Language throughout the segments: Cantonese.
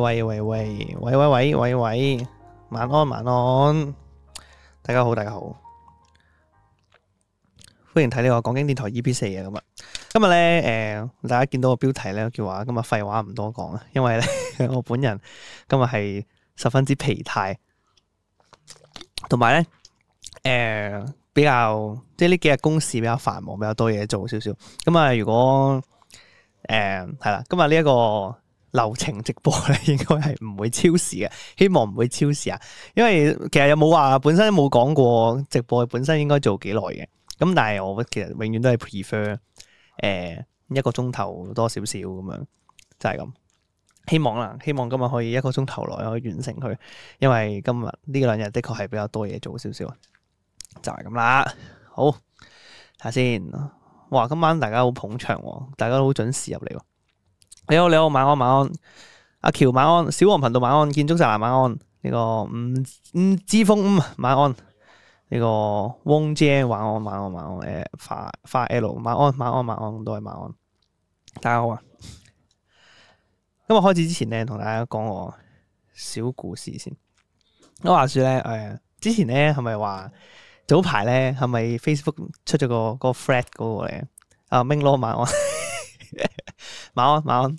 喂喂喂喂喂喂喂喂，晚安晚安，大家好大家好，歡迎睇呢個講經電台 E.P. 四啊！今日今日咧，誒、呃，大家見到個標題咧，叫話今日廢話唔多講啊，因為咧，我本人今日係十分之疲態，同埋咧誒比較即係呢幾日公事比較繁忙，比較多嘢做少少。咁啊，如果誒係啦，今日呢一個。流程直播咧，應該係唔會超時嘅，希望唔會超時啊！因為其實有冇話本身冇講過直播，本身，本身應該做幾耐嘅。咁但係我其實永遠都係 prefer 誒、呃、一個鐘頭多少少咁樣，就係、是、咁。希望啦，希望今日可以一個鐘頭內可以完成佢，因為今日呢兩日的確係比較多嘢做少少，啊。就係、是、咁啦。好，睇下先。哇，今晚大家好捧場、哦，大家都好準時入嚟、哦。你好，你好，晚安，晚安，阿喬，晚安，小王頻道，晚安，建築石欄，晚安，呢個五五知峰，晚安，呢個翁姐，晚安，晚安，晚安，誒，花花 L，晚安，晚安，晚安，都係晚安，大家好啊！今日開始之前咧，同大家講我小故事先。我話說咧，誒，之前咧係咪話早排咧係咪 Facebook 出咗個個 Thread 嗰個咧？啊，明羅晚安。晚安，晚安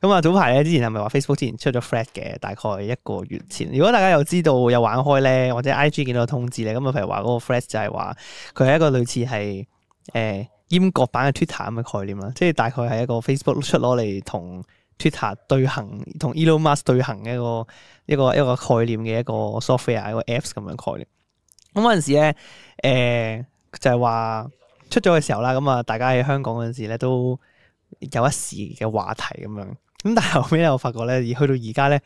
咁啊！ 早排咧，之前係咪話 Facebook 之前出咗 Flat 嘅？大概一個月前，如果大家有知道有玩開咧，或者 IG 見到通知咧，咁啊，譬如話嗰個 Flat 就係話佢係一個類似係誒，呃、閹割版嘅 Twitter 咁嘅概念啦，即係大概係一個 Facebook 出攞嚟同 Twitter 對行，同 Elon Musk 對行嘅一個一個一個概念嘅一個 software 一個 Apps 咁樣概念。咁嗰陣時咧，誒、呃、就係、是、話。出咗嘅時候啦，咁啊，大家喺香港嗰陣時咧，都有一時嘅話題咁樣。咁但係後尾咧，我發覺咧，而去到而家咧，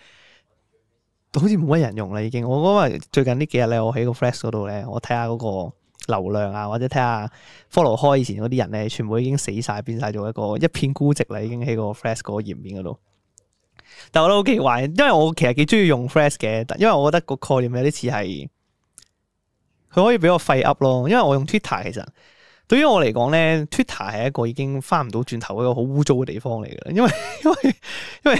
好似冇乜人用啦已經。我嗰日最近呢幾日咧，我喺個 Flash 嗰度咧，我睇下嗰個流量啊，或者睇下 follow 開以前嗰啲人咧，全部已經死晒，變晒做一個一片孤寂啦，已經喺個 Flash 嗰個頁面嗰度。但係我都好奇怪，因為我其實幾中意用 Flash 嘅，因為我覺得個概念有啲似係，佢可以俾我廢 up 咯，因為我用 Twitter 其實。對於我嚟講咧，Twitter 係一個已經翻唔到轉頭嘅一個好污糟嘅地方嚟嘅，因為因為因為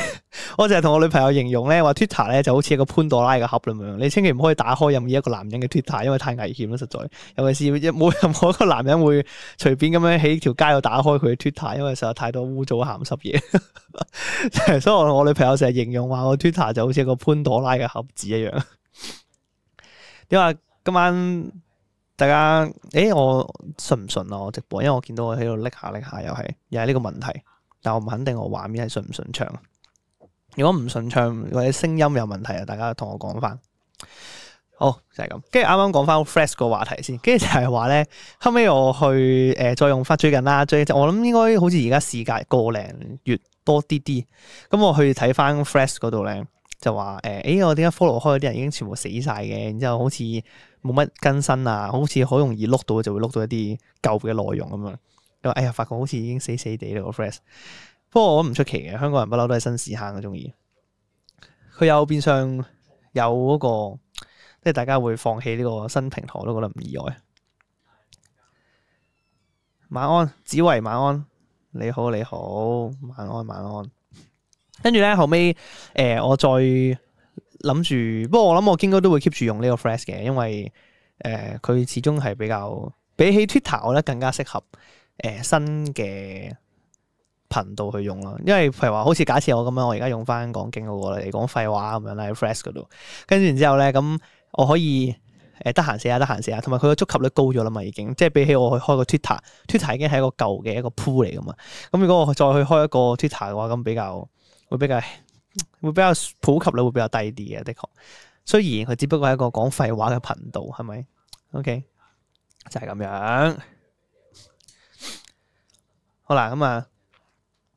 我淨係同我女朋友形容咧，話 Twitter 咧就好似一個潘多拉嘅盒咁樣，你千祈唔可以打開任意一個男人嘅 Twitter，因為太危險啦，實在，尤其是冇任何一個男人會隨便咁樣喺條街度打開佢嘅 Twitter，因為實在太多污糟咸濕嘢，所以我我女朋友成日形容話我 Twitter 就好似一個潘多拉嘅盒子一樣。點啊，今晚？大家，誒、欸，我信唔信、啊、我直播？因為我見到我喺度拎下拎下，又係又係呢個問題。但我唔肯定我畫面係順唔順暢。如果唔順暢或者聲音有問題啊，大家同我講翻。好就係、是、咁，跟住啱啱講翻 fresh 個話題先。跟住就係話咧，後尾我去誒、呃、再用翻最近啦，即我諗應該好似而家時隔個零月多啲啲。咁、嗯、我去睇翻 fresh 嗰度咧，就話誒，誒、欸、我點解 follow 開嗰啲人已經全部死晒嘅？然之後好似。冇乜更新啊，好似好容易碌到，就會碌到一啲舊嘅內容咁啊。咁哎呀，發覺好似已經死死哋呢個 friends。不過我唔出奇嘅，香港人不嬲都係新屎坑啊，中意。佢有變相有嗰、那個，即係大家會放棄呢個新平台，我都覺得唔意外。晚安，紫慧，晚安。你好，你好，晚安，晚安。跟住咧，後尾，誒、呃，我再，諗住，不過我諗我應該都會 keep 住用呢個 fresh 嘅，因為誒佢、呃、始終係比較比起 Twitter 咧更加適合誒、呃、新嘅頻道去用啦。因為譬如話，好似假設我咁樣，我而家用翻講經嗰個嚟講廢話咁樣喺 fresh 嗰度，跟住然之後咧，咁我可以誒得閒寫下，得閒寫下，同埋佢嘅觸及率高咗啦嘛，已經即係比起我去開個 Twitter，Twitter Tw 已經係一個舊嘅一個鋪嚟噶嘛。咁如果我再去開一個 Twitter 嘅話，咁比較會比較。會比較普及率會比較低啲嘅，的確。雖然佢只不過係一個講廢話嘅頻道，係咪？OK，就係咁樣。好啦，咁啊，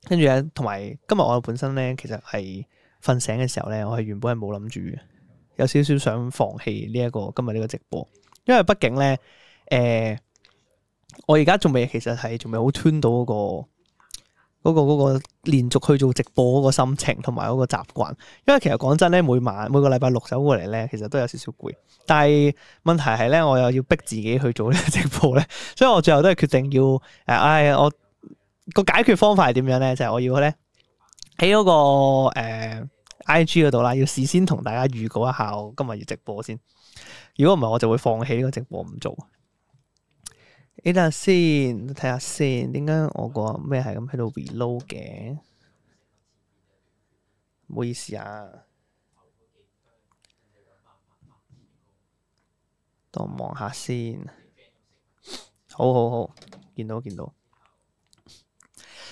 跟住咧，同埋今日我本身咧，其實係瞓醒嘅時候咧，我係原本係冇諗住有少少想放棄呢一個今日呢個直播，因為畢竟咧，誒、呃，我而家仲未，其實係仲未好穿到嗰個。嗰個嗰個連續去做直播嗰個心情同埋嗰個習慣，因為其實講真咧，每晚每個禮拜六走過嚟咧，其實都有少少攰。但係問題係咧，我又要逼自己去做呢個直播咧，所以我最後都係決定要誒，唉、哎，我個解決方法係點樣咧？就係、是、我要咧喺嗰個、呃、IG 嗰度啦，要事先同大家預告一下我今日要直播先。如果唔係，我就會放棄呢個直播唔做。你睇下先看看，你睇下先，點解我個咩係咁喺度 reload 嘅？唔好意思啊，等我望下先看看。好好好，見到見到。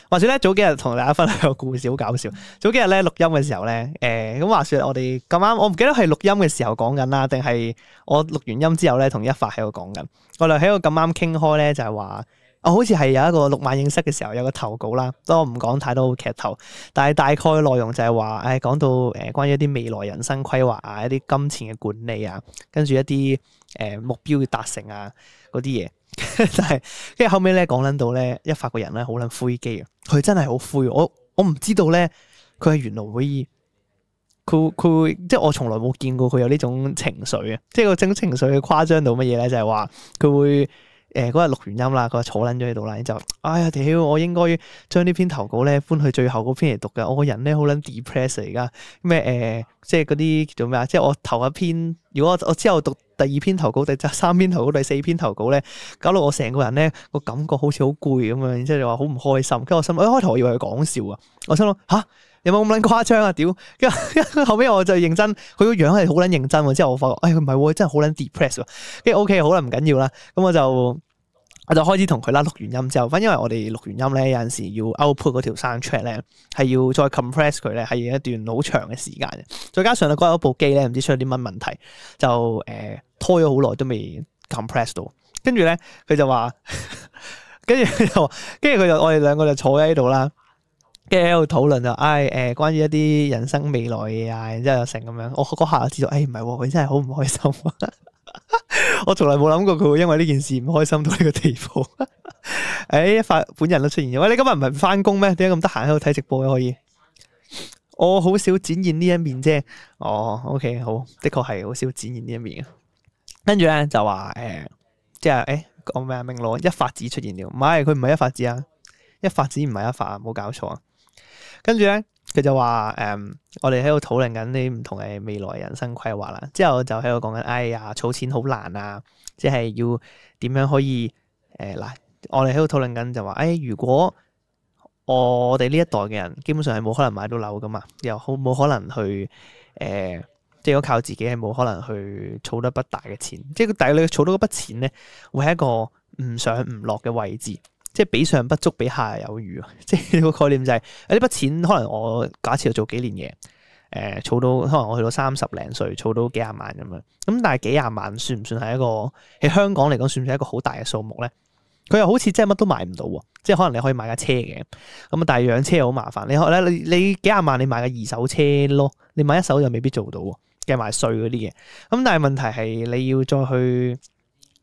或者咧，早幾日同大家分享個故事好搞笑。早幾日咧錄音嘅時候咧，誒、呃、咁話說我哋咁啱，我唔記得係錄音嘅時候講緊啦，定係我錄完音之後咧，同一發喺度講緊。我哋喺度咁啱傾開咧，就係話我好似係有一個錄晚影室嘅時候有個投稿啦，都唔講太多劇透，但係大概內容就係話，誒講到誒關於一啲未來人生規劃啊，一啲金錢嘅管理啊，跟住一啲誒、啊、目標嘅達成啊嗰啲嘢。 但係，跟住後尾咧講捻到咧，一發個人咧好捻灰機啊！佢真係好灰，我我唔知道咧，佢係原來會，佢佢即係我從來冇見過佢有呢種情緒啊！即係個種情緒誇張到乜嘢咧？就係話佢會。誒，嗰日錄完音啦，佢話坐捻咗喺度啦，就，哎呀，屌，我應該將呢篇投稿咧搬去最後嗰篇嚟讀噶，我個人咧好捻 depressed 而家。咩誒、呃，即係嗰啲叫咩啊，即係我頭一篇，如果我我之後讀第二篇投稿，第三篇投稿，第四篇投稿咧，搞到我成個人咧個感覺好似好攰咁樣，即係話好唔開心，跟住我心諗，一開頭我以為佢講笑啊，我心諗，吓、啊。有冇咁撚誇張啊？屌！跟住後尾我就認真，佢個樣係好撚認真喎。之後我發覺，哎，佢唔係喎，真係好撚 depressed。跟住 OK，好啦，唔緊要啦。咁我就我就開始同佢啦，錄完音之後，因為我哋錄完音咧，有陣時要 output 嗰條 sound track 咧，係要再 compress 佢咧，係一段好長嘅時間嘅。再加上啊，嗰日一部機咧，唔知出咗啲乜問題，就誒、呃、拖咗好耐都未 compress 到。跟住咧，佢就話，跟住佢就又，跟住佢就，我哋兩個就坐喺度啦。跟住喺度討論就，唉、哎，誒、呃，關於一啲人生未來嘅啊，然之後又成咁樣，我嗰下就知道，唉、哎，唔係、啊，佢真係好唔開心啊！ 我從來冇諗過佢會因為呢件事唔開心到呢個地步。誒、 哎，一發本人都出現咗，喂、哎，你今日唔係翻工咩？點解咁得閒喺度睇直播咧、啊？可以，我、哦、好少展現呢一面啫。哦，OK，好，的確係好少展現呢一面嘅。跟住咧就話，誒、呃，即係，誒、哎，講咩啊？明羅一發子出現咗，唔係，佢唔係一發子啊，一發子唔係一發啊，冇搞錯啊！跟住咧，佢就話誒、嗯，我哋喺度討論緊啲唔同嘅未來人生規劃啦。之後就喺度講緊，哎呀，儲錢好難啊！即係要點樣可以誒嗱、呃？我哋喺度討論緊就話，誒、哎、如果我哋呢一代嘅人基本上係冇可能買到樓噶嘛，又好冇可能去誒、呃，即係如果靠自己係冇可能去儲得筆大嘅錢。即係大概你儲到嗰筆錢咧，會喺一個唔上唔落嘅位置。即係比上不足，比下有餘啊！即係個概念就係：呢筆錢，可能我假設要做幾年嘢，誒儲到可能我去到三十零歲，儲到幾廿萬咁樣。咁但係幾廿萬算唔算係一個喺香港嚟講算唔算係一個好大嘅數目咧？佢又好似真係乜都買唔到喎！即係可能你可以買架車嘅，咁啊，但係養車又好麻煩。你學咧，你你幾廿萬你買個二手車咯，你買一手又未必做到喎，計埋稅嗰啲嘢。咁但係問題係你要再去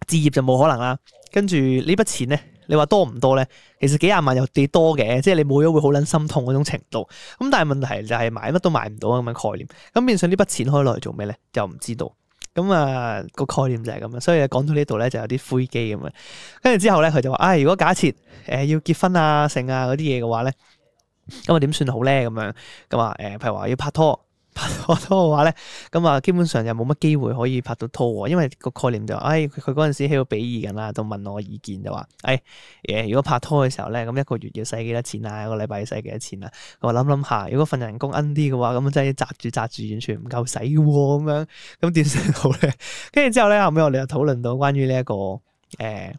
置業就冇可能啦。跟住呢筆錢咧。你話多唔多咧？其實幾廿萬又幾多嘅，即係你冇咗會好撚心痛嗰種程度。咁但係問題就係買乜都買唔到咁嘅概念。咁變相呢筆錢可以攞嚟做咩咧？就唔知道。咁啊個概念就係咁啊。所以講到呢度咧就有啲灰機咁啊。跟住之後咧佢就話：啊、哎，如果假設誒、呃、要結婚啊、剩啊嗰啲嘢嘅話咧，咁啊點算好咧？咁樣咁啊誒，譬如話要拍拖。拍拖拖嘅話咧，咁啊，基本上就冇乜機會可以拍到拖喎，因為個概念就是，誒、哎，佢嗰陣時喺度比意緊啦，就問我意見就話，誒，誒，如果拍拖嘅時候咧，咁一個月要使幾多錢啊，一個禮拜要使幾多錢啊？我諗諗下，如果份人工奀啲嘅話，咁真係要紮住紮住，完全唔夠使咁樣，咁點算好咧？跟 住之後咧，後尾我哋又討論到關於呢一個誒，欸、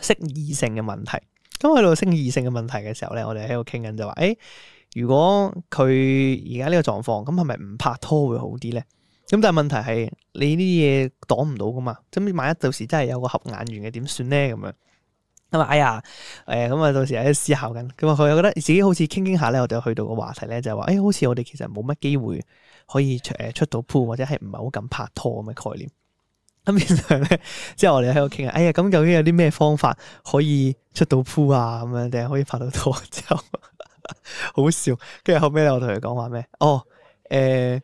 性異性嘅問題。咁去到，到性異性嘅問題嘅時候咧，我哋喺度傾緊就話，誒、哎。如果佢而家呢個狀況，咁係咪唔拍拖會好啲咧？咁但係問題係，你呢啲嘢擋唔到㗎嘛？咁，萬一到時真係有個合眼緣嘅點算咧？咁樣咁啊！哎呀，誒咁啊，到時喺思考緊。咁啊，佢又覺得自己好似傾傾下咧，我哋去到個話題咧，就係話，誒好似我哋其實冇乜機會可以誒出、呃、出到鋪，或者係唔係好敢拍拖咁嘅概念。咁然後咧，即係我哋喺度傾啊，哎呀，咁究竟有啲咩方法可以出到鋪啊？咁樣定係可以拍到拖之後？ 好笑，跟住後尾咧，我同佢講話咩？哦，誒、呃，誒、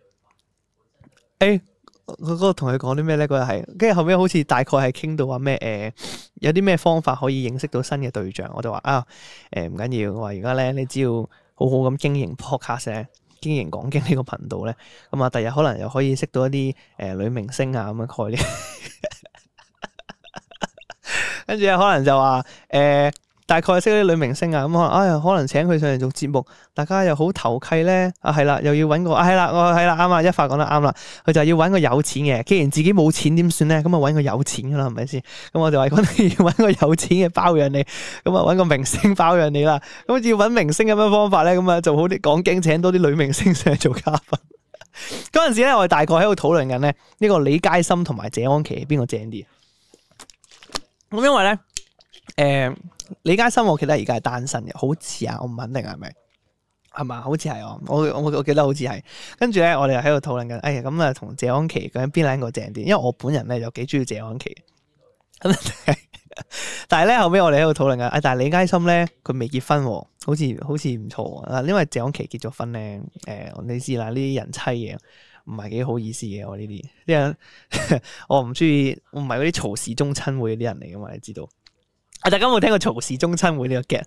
哎，我嗰個同佢講啲咩咧？嗰日係，跟住後尾，好似大概係傾到話咩？誒、呃，有啲咩方法可以認識到新嘅對象？我就話啊，誒、呃，唔緊要，我話而家咧，你只要好好咁經營 podcast，經營講經呢個頻道咧，咁啊，第日可能又可以識到一啲誒、呃、女明星啊咁樣概念。跟 住可能就話誒。呃大概識啲女明星啊，咁、嗯、啊，哎呀，可能請佢上嚟做節目，大家又好投契咧，啊係啦，又要揾個，啊係啦，我係啦，啱啊，一發講得啱啦，佢就要揾個有錢嘅，既然自己冇錢點算咧？咁啊揾個有錢噶啦，係咪先？咁我就話可能要揾個有錢嘅包養你，咁啊揾個明星包養你啦，咁好似要揾明星咁樣方法咧，咁啊就好啲，講經請多啲女明星上嚟做嘉賓。嗰 陣 時咧，我哋大概喺度討論緊咧，呢個李佳芯同埋謝安琪邊個正啲？咁因為咧，誒、呃。李佳芯我記得而家係單身嘅，好似啊，我唔肯定係咪，係嘛？好似係我，我我記得好似係。跟住咧，我哋又喺度討論緊，哎呀，咁啊，同謝安琪究竟邊兩個正啲？因為我本人咧又幾中意謝安琪 但係、哎，但咧後尾我哋喺度討論緊，但係李佳芯咧佢未結婚喎，好似好似唔錯啊。因為謝安琪結咗婚咧，誒、呃，你知啦，呢啲人妻嘅，唔係幾好意思嘅。我呢啲啲人，我唔中意，我唔係嗰啲曹氏中親會嗰啲人嚟嘅嘛，你知道。大家有冇聽過曹氏宗親會呢個 g e？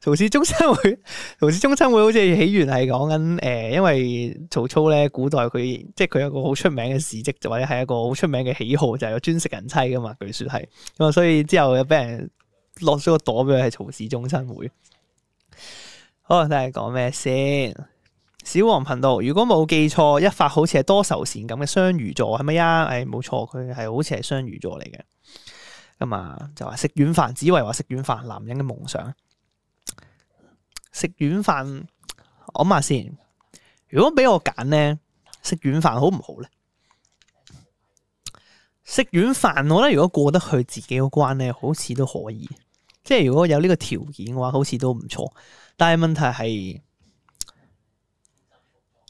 曹氏宗親會，曹氏宗親會好似起源係講緊誒，因為曹操咧，古代佢即係佢有個好出名嘅事蹟，或者係一個好出名嘅喜好，就係、有、專食人妻噶嘛。據說係咁啊，所以之後又俾人落咗個朵俾佢，係曹氏宗親會。好，都係講咩先？小王頻道，如果冇記錯，一發好似係多愁善感嘅雙魚座，係咪啊？誒、哎，冇錯，佢係好似係雙魚座嚟嘅。咁啊，就話食軟飯，只為話食軟飯，男人嘅夢想。食軟飯，我諗下先。如果俾我揀呢，食軟飯好唔好呢？食軟飯，我覺得，如果過得去自己嗰關呢，好似都可以。即係如果有呢個條件嘅話，好似都唔錯。但係問題係。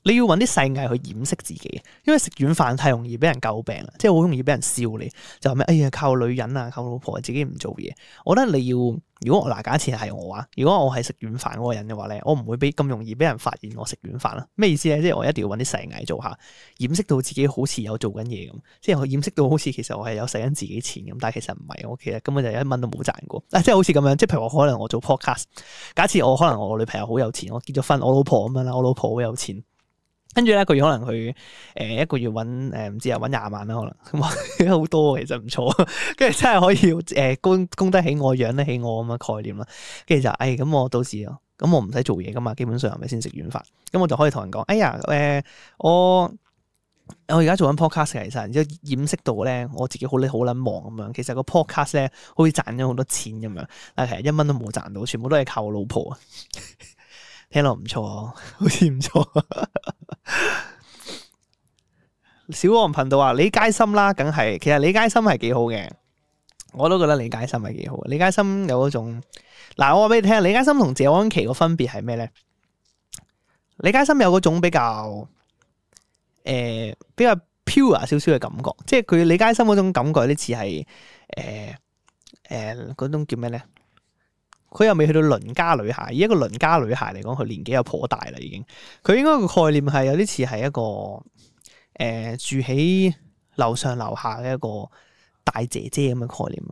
你要揾啲細藝去掩飾自己，因為食軟飯太容易俾人詬病啦，即係好容易俾人笑你，就話咩？哎呀，靠女人啊，靠老婆，自己唔做嘢。我覺得你要，如果嗱，假設係我話，如果我係食軟飯嗰個人嘅話咧，我唔會俾咁容易俾人發現我食軟飯啦。咩意思咧？即係我一定要揾啲細藝做下，掩飾到自己好似有做緊嘢咁，即係我掩飾到好似其實我係有使緊自己錢咁，但係其實唔係，我其實根本就一蚊都冇賺過。即係好似咁樣，即係譬如話，可能我做 podcast，假設我可能我女朋友好有錢，我結咗婚，我老婆咁樣啦，我老婆好有錢。跟住咧，佢可能去誒一個月揾誒唔知啊，揾廿萬啦，可能咁好 多，其實唔錯。跟住真係可以誒供供得起我，養得起我咁嘅概念啦。跟住就誒，咁、哎、我到時啊，咁我唔使做嘢噶嘛，基本上係咪先食軟飯？咁我就可以同人講，哎呀誒、呃，我我而家做緊 podcast，其實然之後掩飾到咧，我自己好叻好撚忙咁樣。其實個 podcast 咧，好似賺咗好多錢咁樣，但係其實一蚊都冇賺到，全部都係靠我老婆啊。 聽落唔錯，好似唔錯。小王頻道啊，李佳芯啦，梗係，其實李佳芯係幾好嘅，我都覺得李佳芯係幾好。李佳芯有嗰種，嗱，我話俾你聽，李佳芯同謝安琪個分別係咩咧？李佳芯有嗰種比較，誒、呃，比較 pure 少少嘅感覺，即係佢李佳芯嗰種感覺，呢似係，誒、呃，誒，嗰種叫咩咧？佢又未去到鄰家女孩，以一個鄰家女孩嚟講，佢年紀又頗大啦，已經。佢應該個概念係有啲似係一個誒、呃、住喺樓上樓下嘅一個大姐姐咁嘅概念。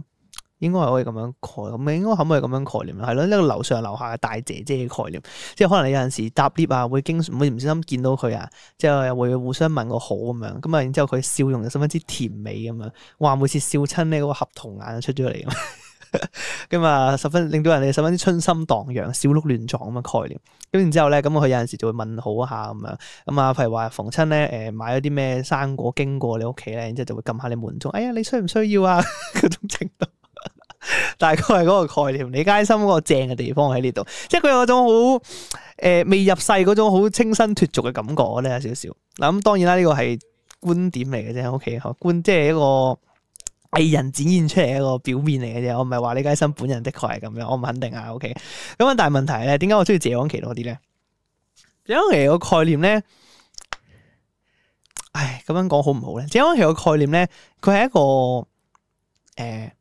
應該係可以咁樣概，咁應該可唔可以咁樣概念咧？係咯，一個樓上樓下嘅大姐姐嘅概念，即係可能你有陣時搭 lift 啊，會經會唔小心見到佢啊，之後又會互相問個好咁樣，咁啊，然之後佢笑容就十分之甜美咁樣，哇！每次笑親咧嗰個合同眼就出咗嚟。咁啊， 十分令到人哋十分之春心蕩漾，小鹿亂撞咁嘅概念。咁然之後咧，咁佢有陣時就會問好一下咁樣。咁啊，譬如話逢親咧，誒、呃，買咗啲咩生果經過你屋企咧，然之後就會撳下你門鐘。哎呀，你需唔需要啊？嗰種程度，大概係嗰個概念。李佳芯嗰個正嘅地方喺呢度，即係佢有種好誒、呃、未入世嗰種好清新脫俗嘅感覺咧，有少少。嗱咁，當然啦，呢、這個係觀點嚟嘅啫，OK 嗬？觀即係一個藝人展現出嚟一個表面嚟嘅啫，我唔係話李佳芯本人的確係咁樣，我唔肯定啊。O K，咁啊，但係問題咧，點解我中意謝安琪多啲咧？謝安琪個概念咧，唉，咁樣講好唔好咧？謝安琪個概念咧，佢係一個誒、呃、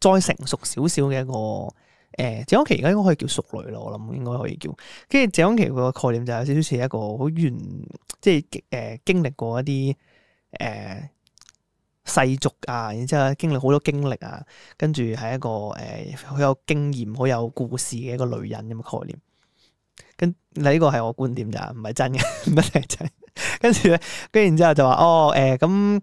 再成熟少少嘅一個誒、呃，謝安琪而家應該可以叫熟女咯，我諗應該可以叫。跟住謝安琪個概念就有少少似一個好完，即係誒、呃、經歷過一啲誒。呃世俗啊，然之後經歷好多經歷啊，跟住係一個誒好、呃、有經驗、好有故事嘅一個女人咁嘅概念。跟你呢、這個係我觀點咋，唔係真嘅， 跟住咧，跟然之後就話哦，誒咁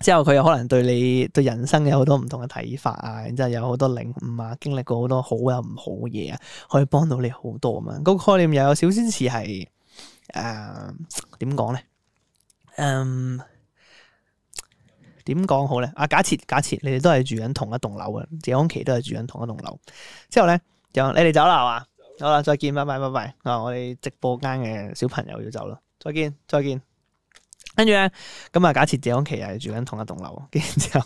之後佢有可能對你對人生有好多唔同嘅睇法啊，然之後有好多領悟啊，經歷過好多好有唔好嘅嘢啊，可以幫到你好多啊嘛。個概念又有少少似係誒點講咧、呃？嗯。點講好咧？啊，假設假設你哋都係住緊同一棟樓嘅，謝安琪都係住緊同一棟樓。之後咧就你哋走啦啊。吧好啦，再見，拜拜，拜拜。啊、哦，我哋直播間嘅小朋友要走啦，再見再見。跟住咧咁啊，假設謝，謝安琪係住緊同一棟樓，跟住之後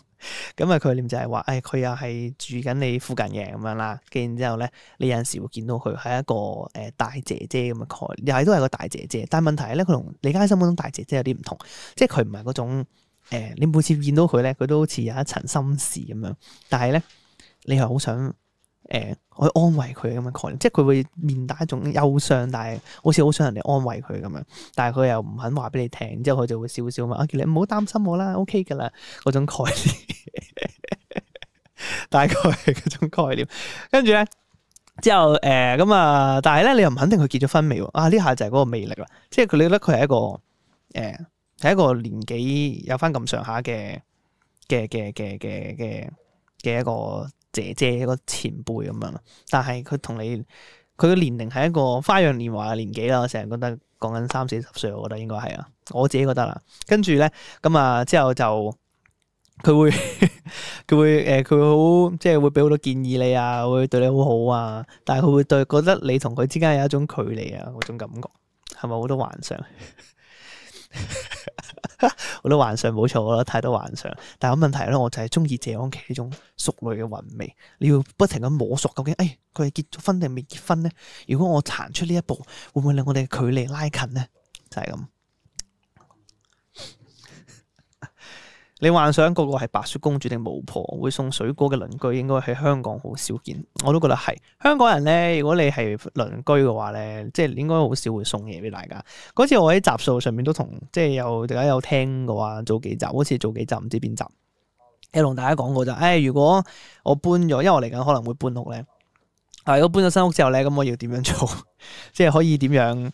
咁啊，佢 哋就係話，誒、哎，佢又係住緊你附近嘅咁樣啦。跟住之後咧，你有陣時會見到佢係一個誒、呃、大姐姐咁嘅概念，又係都係個大姐姐。但係問題係咧，佢同李佳芯嗰種大姐姐有啲唔同，即係佢唔係嗰種。誒、呃，你每次見到佢咧，佢都好似有一層心事咁樣，但係咧，你係好想誒去、呃、安慰佢咁嘅概念，即係佢會面帶一種憂傷，但係好似好想人哋安慰佢咁樣，但係佢又唔肯話俾你聽，之後佢就會笑笑話，啊，叫你唔好擔心我啦，OK 噶啦，嗰種概念， 大概係嗰種概念。跟住咧，之後誒咁啊，但係咧，你又唔肯定佢結咗婚未喎？啊，呢下就係嗰個魅力啦，即係你覺得佢係一個誒。呃係一個年紀有翻咁上下嘅嘅嘅嘅嘅嘅嘅一個姐姐，一個前輩咁樣，但係佢同你，佢嘅年齡係一個花樣年華嘅年紀啦，我成日覺得講緊三四十歲，我覺得應該係啊，我自己覺得啦。跟住咧，咁啊，之後就佢會佢 會誒佢、呃、會好即係會俾好多建議你啊，會對你好好啊，但係佢會對覺得你同佢之間有一種距離啊，嗰種感覺係咪好多幻想？ 我都幻想冇錯，我覺得太多幻想。但係個問題咧，我就係中意謝安琪呢種熟女嘅韻味。你要不停咁摸索，究竟誒佢係結咗婚定未結婚咧？如果我行出呢一步，會唔會令我哋嘅距離拉近咧？就係、是、咁。你幻想個個係白雪公主定巫婆會送水果嘅鄰居，應該喺香港好少見。我都覺得係香港人咧，如果你係鄰居嘅話咧，即係應該好少會送嘢俾大家。嗰次我喺集數上面都同即係有大家有聽過啊，早幾集，好似早幾集唔知邊集，係同大家講過就誒、哎，如果我搬咗，因為我嚟緊可能會搬屋咧，係如果搬咗新屋之後咧，咁我要點樣做？ 即係可以點樣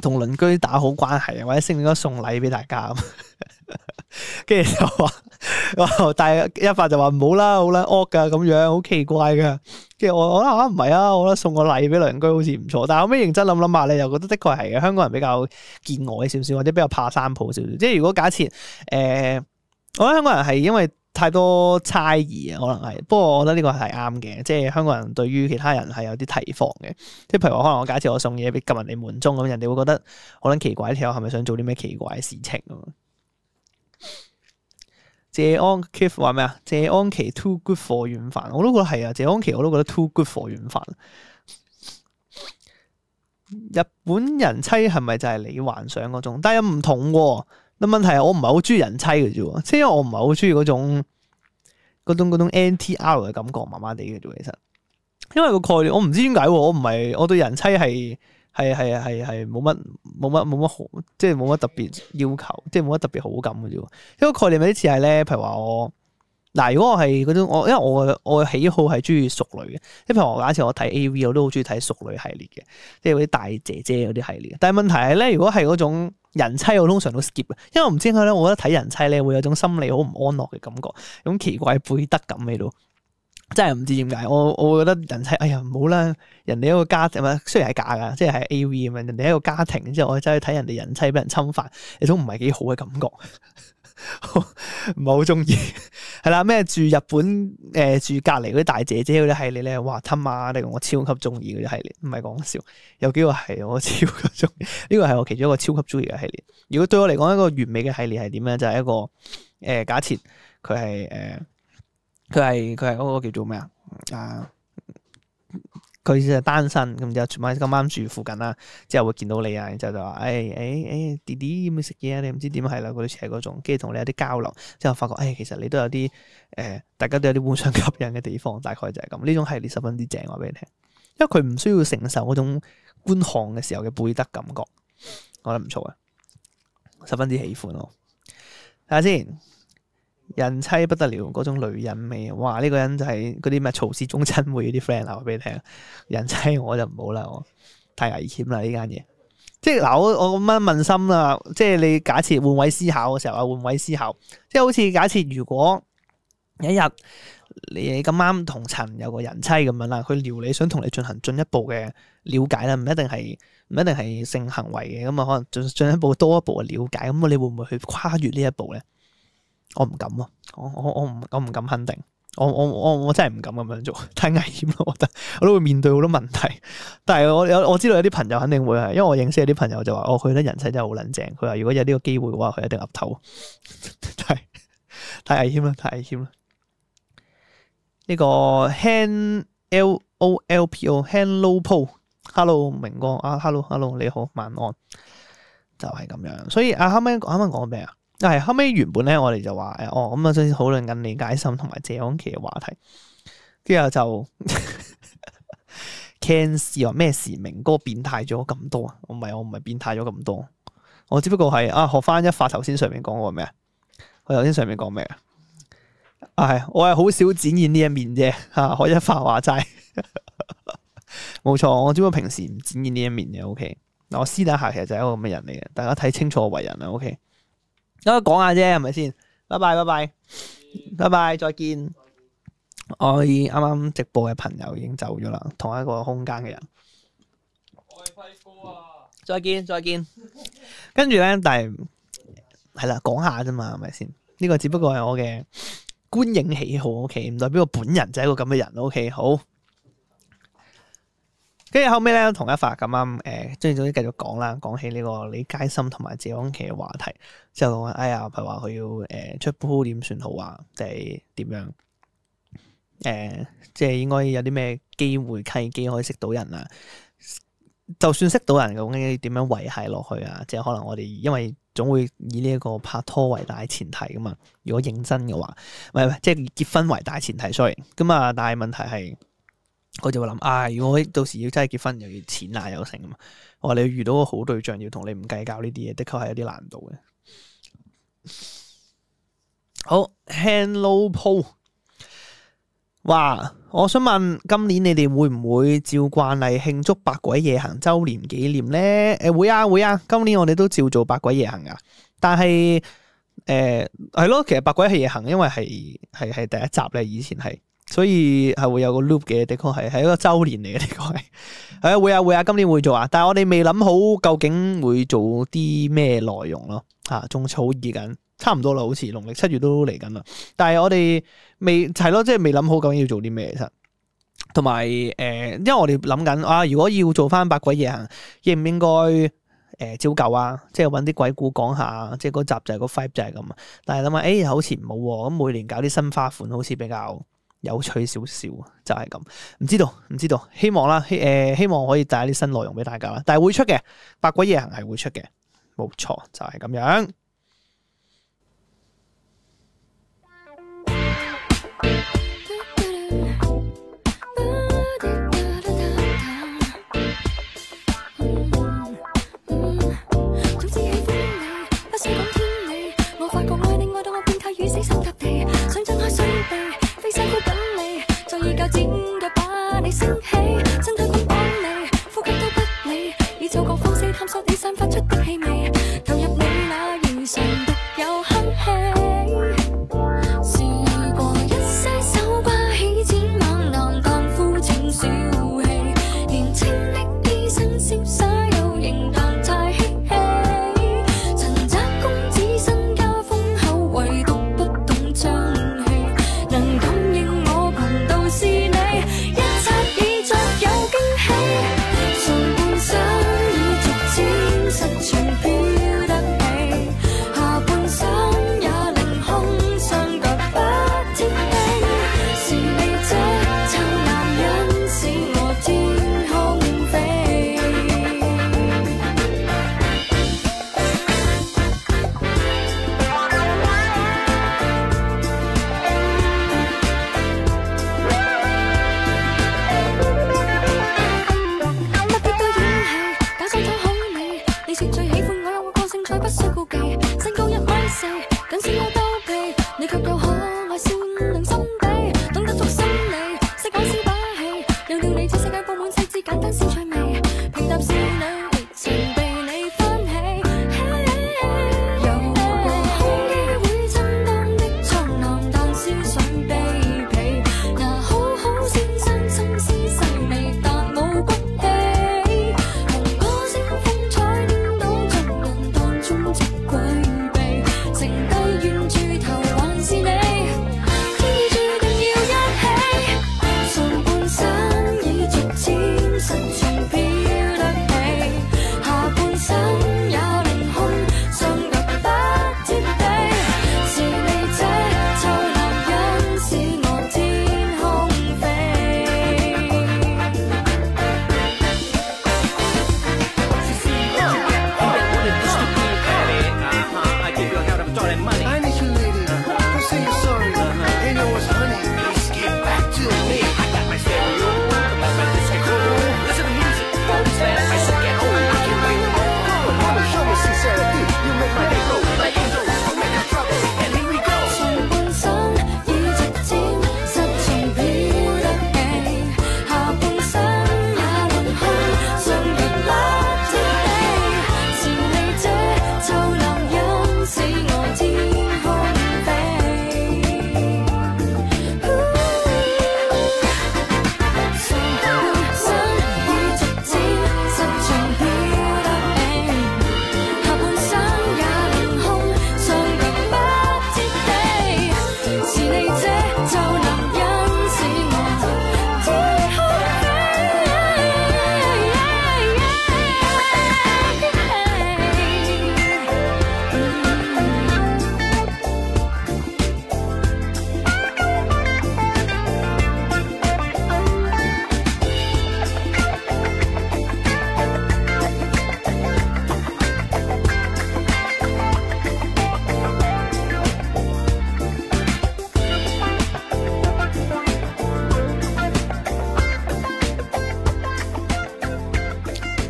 同鄰居打好關係，或者識點樣送禮俾大家咁。 跟住 就話，但一發就話唔好啦，好啦，惡噶咁樣，好奇怪噶。跟住我我諗唔係啊，我覺得送個禮俾鄰居好似唔錯。但係後尾認真諗諗下，你就覺得的確係嘅。香港人比較見外少少，或者比較怕生抱少少。即係如果假設誒、呃，我覺得香港人係因為太多猜疑啊，可能係。不過我覺得呢個係啱嘅，即係香港人對於其他人係有啲提防嘅。即係譬如話，可能我假設我送嘢俾今日你門中咁，人哋會覺得可能奇怪，條係咪想做啲咩奇怪嘅事情謝安琪話咩啊？謝安琪 too good for 緣分，我都覺得係啊。謝安琪我都覺得 too good for 緣分。日本人妻係咪就係你幻想嗰種？但係唔同喎。但係問題係我唔係好中意人妻嘅啫，即係我唔係好中意嗰種嗰種嗰種 NTR 嘅感覺，麻麻地嘅啫。其實因為個概念，我唔知點解，我唔係我對人妻係。係啊，係啊，係係，冇乜冇乜冇乜好，即係冇乜特別要求，即係冇乜特別好感嘅啫。一個概念有啲似係咧，譬如話我嗱，如果我係嗰種我，因為我我喜好係中意熟女嘅，即係譬如話假設我睇 AV 我都好中意睇熟女系列嘅，即係嗰啲大姐姐嗰啲系列。但係問題係咧，如果係嗰種人妻，我通常都 skip，因為我唔知點解咧，我覺得睇人妻咧會有種心理好唔安樂嘅感覺，咁奇怪背德感喺度。真係唔知點解，我我覺得人妻，哎呀，唔好啦，人哋一個家庭，雖然係假噶，即係喺 A V 咁樣，人哋一個家庭之後，我走去睇人哋人妻俾人侵犯，亦都唔係幾好嘅感覺，唔係好中意。係啦，咩住日本誒、呃、住隔籬嗰啲大姐姐嗰啲系列咧，哇，他媽！我超級中意啲系列，唔係講笑，有幾個係我超級中意，呢個係我其中一個超級中意嘅系列。如果對我嚟講一個完美嘅系列係點咧？就係、是、一個誒、呃、假設佢係誒。呃佢係佢係嗰個叫做咩啊？啊，佢就單身，咁就咁啱住附近啦，之後會見到你啊，然之後就話誒誒誒，弟弟要唔要食嘢啊？你唔知點係啦，嗰啲似係嗰種，跟住同你有啲交流，之後發覺誒、哎，其實你都有啲誒，大家都有啲互相吸引嘅地方，大概就係咁。呢種系列十分之正，話俾你聽，因為佢唔需要承受嗰種觀看嘅時候嘅背德感覺，我覺得唔錯嘅，十分之喜歡哦。睇下先。看看人妻不得了，嗰種女人味，哇！呢個人就係嗰啲咩曹氏宗親會啲 friend 啊，我俾你聽。人妻我就唔好啦，我太危險啦呢間嘢。即係嗱，我我咁樣問心啦，即係你假設換位思考嘅時候啊，換位思考，即係好似假設如果有一日你咁啱同陳有個人妻咁樣啦，佢撩你想同你進行進一步嘅了解啦，唔一定係唔一定係性行為嘅，咁啊可能進進一步多一步嘅了解，咁你會唔會去跨越呢一步咧？我唔敢咯，我我我唔我唔敢肯定，我我我我真係唔敢咁樣做，太危險咯！我覺得我都會面對好多問題，但係我有我知道有啲朋友肯定會係，因為我認識有啲朋友就話，我覺得人生真係好冷靜，佢話如果有呢個機會嘅話，佢一定岌頭，太太危險啦，太危險啦！呢 個 h a n d l o l p o h a n d l o h e l l o h e l l o 明哥啊，Hello，Hello，Hello，你好，晚安，就係、是、咁樣。所以啊，啱啱啱啱講咩啊？剛剛但係後尾原本咧，我哋就話，誒，哦，咁、嗯、啊，先討論緊李佳芯同埋謝安琪嘅話題，之後就 c a n 士話咩？ 事？明哥變態咗咁多啊？我唔係，我唔係變態咗咁多，我只不過係啊，學翻一發頭先上面講個咩啊？我頭先上面講咩啊？係我係好少展現呢一面啫，吓、啊，學一發話齋，冇 錯，我只不過平時唔展現呢一面嘅。O K，嗱，我私底下其實就係一個咁嘅人嚟嘅，大家睇清楚我為人啦。O K。等我講下啫，係咪先？拜拜拜拜拜拜，bye bye, bye bye. Bye bye, 再見！Bye bye. 我啱啱直播嘅朋友已經走咗啦，同一個空間嘅人。我係輝哥啊！再見再見， 跟住咧，但係係啦，講下啫嘛，係咪先？呢個只不過係我嘅觀影喜好，O K，唔代表我本人就係一個咁嘅人，OK，好。跟住後尾咧，同一發咁啱，誒，即係總之繼續講啦，講起呢個李佳森同埋謝安琪嘅話題之後，哎呀，佢話佢要誒、呃、出 b o 點算好啊？即係點樣？誒、呃，即、就、係、是、應該有啲咩機會契機可以識到人啊？就算識到人，究竟點樣維繫落去啊？即、就、係、是、可能我哋因為總會以呢一個拍拖為大前提噶嘛，如果認真嘅話，唔係唔係，即、就、係、是、結婚為大前提，所以咁啊，但係問題係。我就會諗，啊，如果到時要真係結婚，又要錢啊，又成。啊，我話你遇到個好對象，要同你唔計較呢啲嘢，的確係有啲難度嘅。好，Hello Po，哇，我想問，今年你哋會唔會照慣例慶祝《百鬼夜行》周年紀念呢？誒、呃，會啊，會啊，今年我哋都照做《百鬼夜行》噶，但係誒係咯，其實《百鬼》係夜行，因為係係係第一集咧，以前係。所以係會有個 loop 嘅，的確係係一個周年嚟嘅，的確係係啊會啊會啊，今年會做啊，但係我哋未諗好究竟會做啲咩內容咯，吓種草意緊，差唔多啦，好似農曆七月都嚟緊啦，但係我哋未係咯，即係未諗好究竟要做啲咩，其實同埋誒，因為我哋諗緊啊，如果要做翻《百鬼夜行》應應，應唔應該誒照舊啊？即係搵啲鬼故講下，即係個集就係個 five 就係、是、咁。但係諗下，誒、欸，好似唔好咁、啊，每年搞啲新花款，好似比較，有趣少少，就係、是、咁，唔知道，唔知道，希望啦，希誒、呃、希望可以帶啲新內容俾大家啦，但係會出嘅《百鬼夜行》係會出嘅，冇錯，就係、是、咁樣。怎樣把你升起？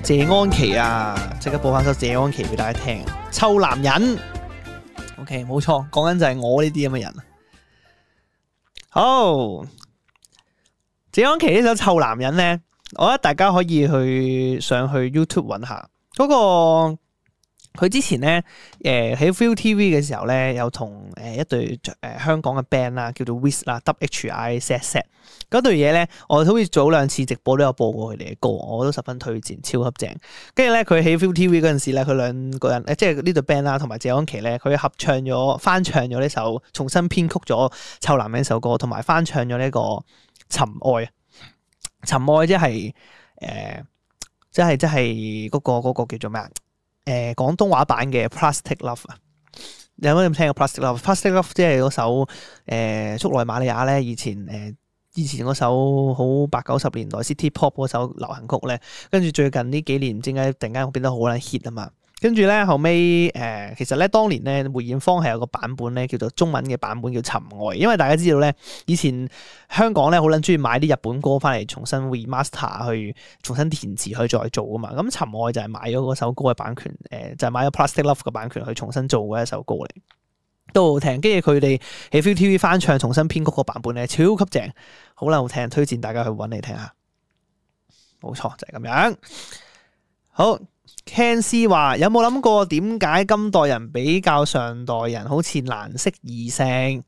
謝安琪啊，即刻播翻首謝安琪俾大家聽，《臭男人》okay, 錯。OK，冇錯，講緊就係我呢啲咁嘅人。好，謝安琪呢首《臭男人》呢，我覺得大家可以去上去 YouTube 揾下嗰、嗰個。佢之前咧，誒喺 ViuTV 嘅時候咧，有同誒一對誒香港嘅 band 啦，叫做 Wish 啦，W H I S S。嗰對嘢咧，我好似早兩次直播都有播過佢哋嘅歌，我都十分推薦，超級正。跟住咧，佢喺 ViuTV 嗰陣時咧，佢兩個人誒，即係呢對 band 啦，同埋謝安琪咧，佢合唱咗翻唱咗呢首，重新編曲咗《臭男人》首歌，同埋翻唱咗呢個《尋愛》啊，《尋愛》即係誒，即係即係嗰個嗰個叫做咩啊？誒、呃、廣東話版嘅 Plastic Love 啊，你有冇點聽過 Plastic Love？Plastic Love, Love 即係嗰首誒《速、呃、來瑪利亞》咧、呃，以前誒以前嗰首好八九十年代 City Pop 嗰首流行曲咧，跟住最近呢幾年唔知點解突然間變得好撚 hit 啊嘛～跟住咧，後尾誒、呃，其實咧，當年咧，梅艷芳係有個版本咧，叫做中文嘅版本，叫《尋愛》，因為大家知道咧，以前香港咧好撚中意買啲日本歌翻嚟重新 remaster 去重新填詞去再做噶嘛。咁《尋愛》就係、是、買咗嗰首歌嘅版權，誒、呃、就係、是、買咗《Plastic Love》嘅版權去重新做嘅一首歌嚟，都好聽。跟住佢哋喺 Viu TV 翻唱重新編曲個版本咧，超級正，好撚好聽，推薦大家去揾嚟聽下。冇錯，就係、是、咁樣，好。好。Ken Sir 話：有冇諗過點解今代人比較上代人好似難識異性？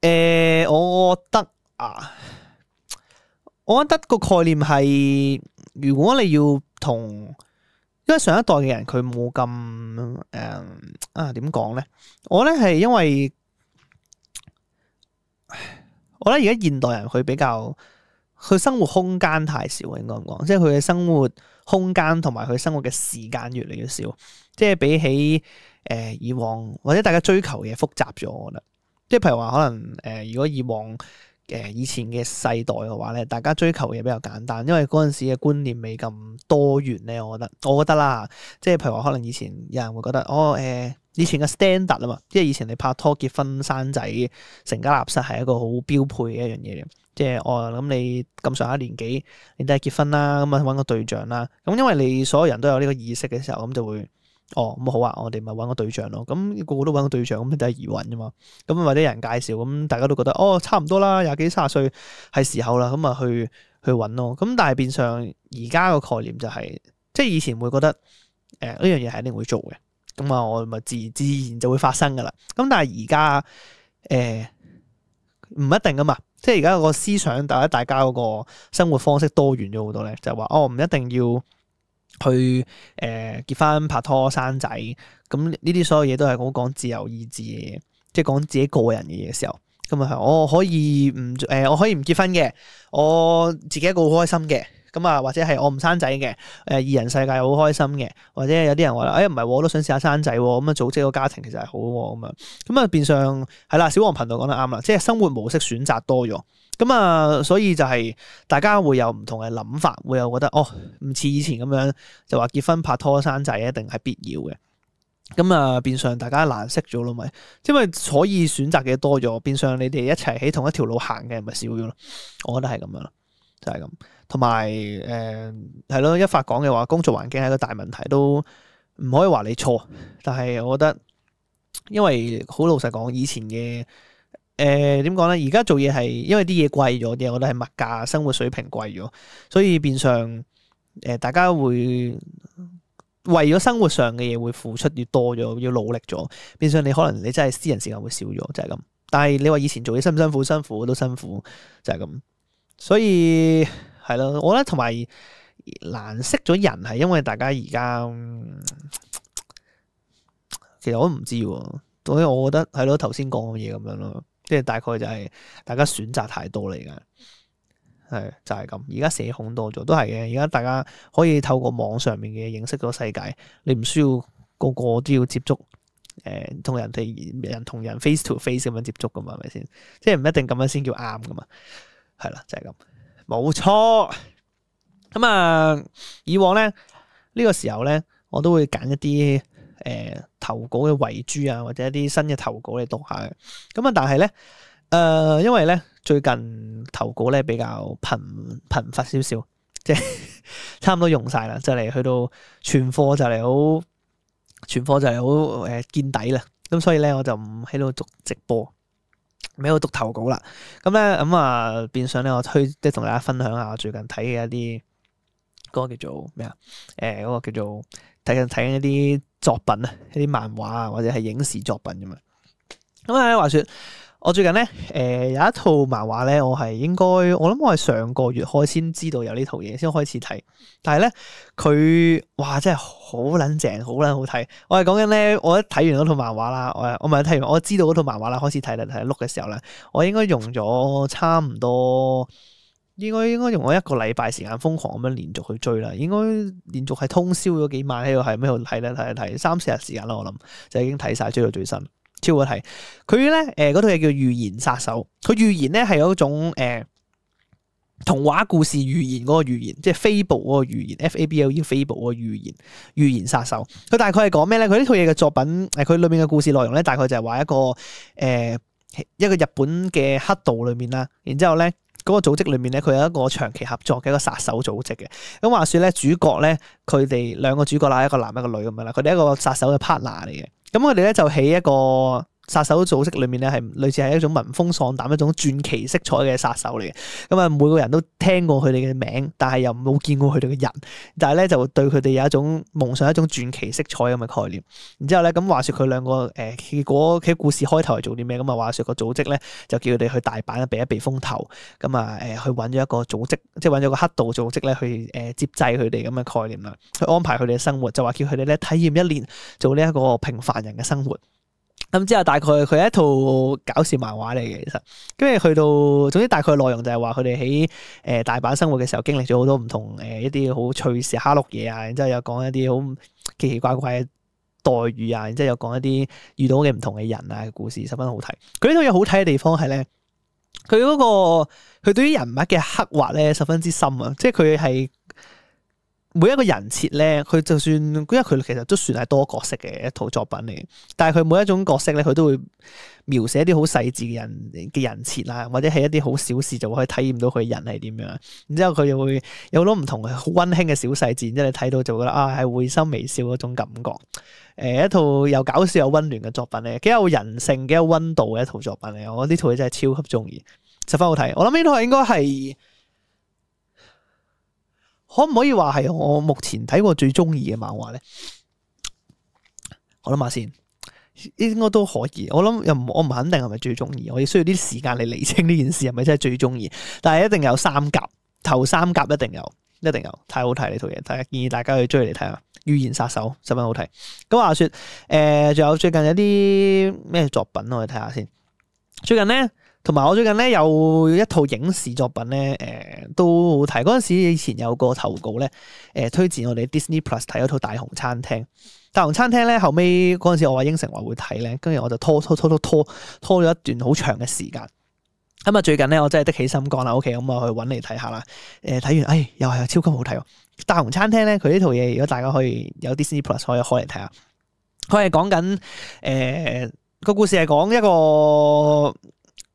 誒、呃，我覺得啊，我覺得個概念係，如果你要同，因為上一代嘅人佢冇咁誒啊，點講咧？我咧係因為，我覺得而家現代人佢比較佢生活空間太少，應該唔講，即係佢嘅生活。空間同埋佢生活嘅時間越嚟越少，即係比起誒、呃、以往或者大家追求嘢複雜咗我覺得，即係譬如話可能誒，如果以往誒、呃、以前嘅世代嘅話咧，大家追求嘢比較簡單，因為嗰陣時嘅觀念未咁多元咧。我覺得我覺得啦，即係譬如話可能以前有人會覺得哦誒、呃，以前嘅 standard 啊嘛，即係以前你拍拖結婚生仔成家立室係一個好標配嘅一樣嘢。即係我諗，你咁上下年紀，你都係結婚啦，咁啊揾個對象啦。咁因為你所有人都有呢個意識嘅時候，咁就會哦咁好啊，我哋咪揾個對象咯。咁、嗯、個個都揾個對象，咁都係易揾啫嘛。咁或者有人介紹，咁大家都覺得哦，差唔多啦，廿幾卅歲係時候啦，咁、嗯、啊去去揾咯。咁但係變相而家個概念就係、是，即係以前會覺得誒呢樣嘢係一定會做嘅，咁、嗯、啊我咪自自然就會發生噶啦。咁但係而家誒唔一定噶嘛。即係而家個思想或者大家嗰個生活方式多元咗好多咧，就話、是、哦唔一定要去誒、呃、結婚、拍拖生仔，咁呢啲所有嘢都係好講自由意志嘅，嘢，即係講自己個人嘅嘢時候，咁啊係我可以唔誒、呃、我可以唔結婚嘅，我自己一個好開心嘅。咁啊，或者係我唔生仔嘅，誒，二人世界好開心嘅，或者有啲人話啦，誒、哎，唔係，我都想試下生仔，咁啊，組織個家庭其實係好咁啊。咁啊，變相係啦，小王頻道講得啱啦，即係生活模式選擇多咗，咁啊，所以就係大家會有唔同嘅諗法，會有覺得哦，唔似以前咁樣就話結婚拍拖生仔一定係必要嘅。咁啊，變相大家難識咗咯咪，因為可以選擇嘅多咗，變相你哋一齊喺同一條路行嘅咪少咗咯。我覺得係咁樣咯，就係咁。同埋誒係咯，一發講嘅話，工作環境係一個大問題，都唔可以話你錯。但係我覺得，因為好老實講，以前嘅誒點講呢？而家做嘢係因為啲嘢貴咗啲，我覺得係物價生活水平貴咗，所以變相誒、呃、大家會為咗生活上嘅嘢會付出越多咗，要努力咗，變相你可能你真係私人時間會少咗，就係、是、咁。但係你話以前做嘢辛唔辛苦？辛苦都辛苦，就係、是、咁。所以。係咯，我覺得同埋難識咗人，係因為大家而家其實我都唔知，所以我覺得係咯頭先講嘅嘢，咁樣咯，即係大概就係大家選擇太多啦而家，係就係、是、咁。而家社恐多咗都係嘅，而家大家可以透過網上面嘅認識咗世界，你唔需要個個都要接觸誒同人哋人同人 face to face 咁樣接觸噶嘛，係咪先？即係唔一定咁樣先叫啱噶嘛，係啦，就係、是、咁。冇錯，咁、嗯、啊，以往咧呢、這個時候咧，我都會揀一啲誒、呃、投稿嘅遺珠啊，或者一啲新嘅投稿嚟讀下嘅。咁、嗯、啊，但係咧，誒、呃，因為咧最近投稿咧比較頻頻發少少，即係 差唔多用晒啦，就嚟去到存貨就嚟好，存貨就嚟好誒見底啦。咁、嗯、所以咧，我就唔喺度做直播。咪喺度讀投稿啦，咁咧咁啊，變相咧我推即係同大家分享下我最近睇嘅一啲嗰個叫做咩啊？誒、那、嗰個叫做睇緊睇緊一啲作品啊，一啲漫畫啊，或者係影視作品咁樣。咁啊，話説。我最近咧，誒、呃、有一套漫畫咧，我係應該，我諗我係上個月開先知道有呢套嘢，先開始睇。但係咧，佢哇真係好撚正，好撚好睇。我係講緊咧，我一睇完嗰套漫畫啦，我我唔係睇完，我知道嗰套漫畫啦，開始睇啦睇下碌嘅時候咧，我應該用咗差唔多，應該應該用咗一個禮拜時間，瘋狂咁樣連續去追啦。應該連續係通宵咗幾晚喺度喺咩度睇咧？睇睇三四日時間啦，我諗就已經睇晒追到最新。超好睇！佢咧，誒、呃，嗰套嘢叫寓言殺手。佢寓言咧係有一種，誒、呃，童話故事寓言嗰個寓言，即係 fable 嗰個寓言 f a b o e 已經 fable 個寓言，寓言殺手。佢大概係講咩咧？佢呢套嘢嘅作品，佢裏面嘅故事內容咧，大概就係話一個，誒、呃，一個日本嘅黑道裏面啦。然之後咧，嗰、那個組織裏面咧，佢有一個長期合作嘅一個殺手組織嘅。咁、嗯、話說咧，主角咧，佢哋兩個主角啦，一個男一個女咁樣啦，佢哋一個殺手嘅 partner 嚟嘅。咁我哋咧就起一個。殺手組織裏面咧係類似係一種聞風喪膽一種傳奇色彩嘅殺手嚟嘅，咁啊每個人都聽過佢哋嘅名，但係又冇見過佢哋嘅人，但係咧就對佢哋有一種夢想、一種傳奇色彩咁嘅概念。然之後咧咁話說佢兩個誒、呃，結果佢故事開頭係做啲咩？咁啊話說個組織咧就叫佢哋去大阪啊，避一避風頭，咁啊誒去揾咗一個組織，即係揾咗個黑道組織咧去誒接濟佢哋咁嘅概念啦，去安排佢哋嘅生活，就話叫佢哋咧體驗一年做呢一個平凡人嘅生活。咁之後大概佢一套搞笑漫畫嚟嘅，其實，跟住去到，總之大概內容就係話佢哋喺誒大阪生活嘅時候經歷咗好多唔同誒、呃、一啲好趣事、蝦碌嘢啊，然之後又講一啲好奇奇怪怪嘅待遇啊，然之後又講一啲遇到嘅唔同嘅人啊故事，十分好睇。佢呢套嘢好睇嘅地方係咧，佢嗰、嗰個佢對於人物嘅刻畫咧十分之深啊，即係佢係。每一個人設咧，佢就算，因為佢其實都算係多角色嘅一套作品嚟。但係佢每一種角色咧，佢都會描寫一啲好細致嘅人嘅人設啊，或者係一啲好小事就可以體驗到佢人係點樣。然之後佢又會有好多唔同嘅好温馨嘅小細節，然之後你睇到就覺得啊，係會心微笑嗰種感覺。誒、呃，一套又搞笑又温暖嘅作品咧，幾有人性，幾有温度嘅一套作品嚟。我覺得呢套嘢真係超級中意，十分好睇。我諗呢套應該係。可唔可以話係我目前睇過最中意嘅漫畫咧？我諗下先，應該都可以。我諗又唔，我唔肯定係咪最中意。我亦需要啲時間嚟釐清呢件事係咪真係最中意。但係一定有三集，頭三集一定有，一定有，太好睇呢套嘢。大家建議大家去追嚟睇下《預言殺手》，十分好睇。咁話說，誒、呃，仲有最近有啲咩作品我哋睇下先。最近咧。同埋，我最近咧有一套影視作品咧，誒、呃、都好睇。嗰陣時以前有個投稿咧，誒、呃、推薦我哋 Disney Plus 睇一套大雄餐廳《大雄餐廳》。《大雄餐廳》咧後尾嗰陣時，我話應承話會睇咧，跟住我就拖拖拖拖拖拖咗一段好長嘅時間。咁啊，最近咧我真係得起心肝啦。OK，咁啊去揾嚟睇下啦。誒、呃，睇完，哎，又係超級好睇，哦！《大雄餐廳》咧，佢呢套嘢如果大家可以有 Disney Plus 可以開嚟睇下。佢係講緊誒個故事，係講一個。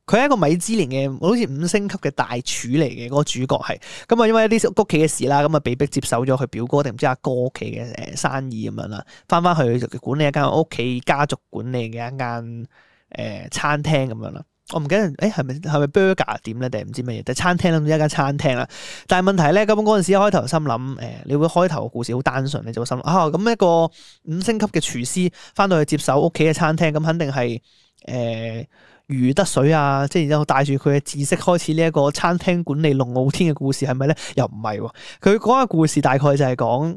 佢係一個米芝蓮嘅，好似五星級嘅大廚嚟嘅嗰個主角係，咁啊因為一啲屋企嘅事啦，咁啊被逼接手咗佢表哥定唔知阿哥屋企嘅誒生意咁樣啦，翻翻去管理一間屋企家族管理嘅一間誒、呃、餐廳咁樣啦。我唔記得誒、欸、係咪係咪 burger 店咧定唔知乜嘢，但係餐廳諗住一間餐廳啦。但係問題咧，咁嗰陣時一開頭心諗，誒、呃、你會，會開頭故事好單純你就會心諗啊，咁、嗯、一個五星級嘅廚師翻到去接手屋企嘅餐廳，咁肯定係誒。呃魚得水啊，即係然之後帶住佢嘅知識開始呢一個餐廳管理龍傲天嘅故事係咪咧？又唔係喎，佢講嘅故事大概就係講，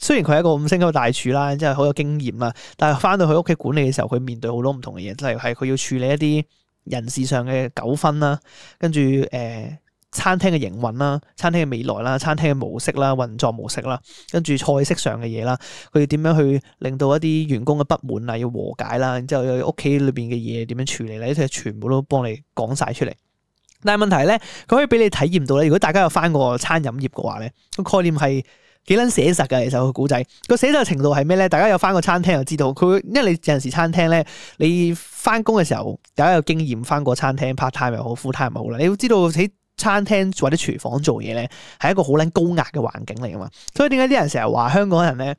雖然佢係一個五星級大廚啦，即係好有經驗啊，但係返到佢屋企管理嘅時候，佢面對好多唔同嘅嘢，例如係佢要處理一啲人事上嘅糾紛啦，跟住誒。呃餐廳嘅營運啦，餐廳嘅未來啦，餐廳嘅模式啦，運作模式啦，跟住菜式上嘅嘢啦，佢要點樣去令到一啲員工嘅不滿啊，要和解啦，然之後又屋企裏邊嘅嘢點樣處理咧，呢啲全部都幫你講晒出嚟。但係問題咧，佢可以俾你體驗到咧。如果大家有翻過餐飲業嘅話咧，個概念係幾撚寫實㗎。其實個古仔個寫實程度係咩咧？大家有翻過餐廳就知道，佢因為你有陣時餐廳咧，你翻工嘅時候，大家有經驗翻過餐廳 part time 又好，full time 又好啦，你要知道餐廳或者廚房做嘢咧，係一個好撚高壓嘅環境嚟㗎嘛，所以點解啲人成日話香港人咧，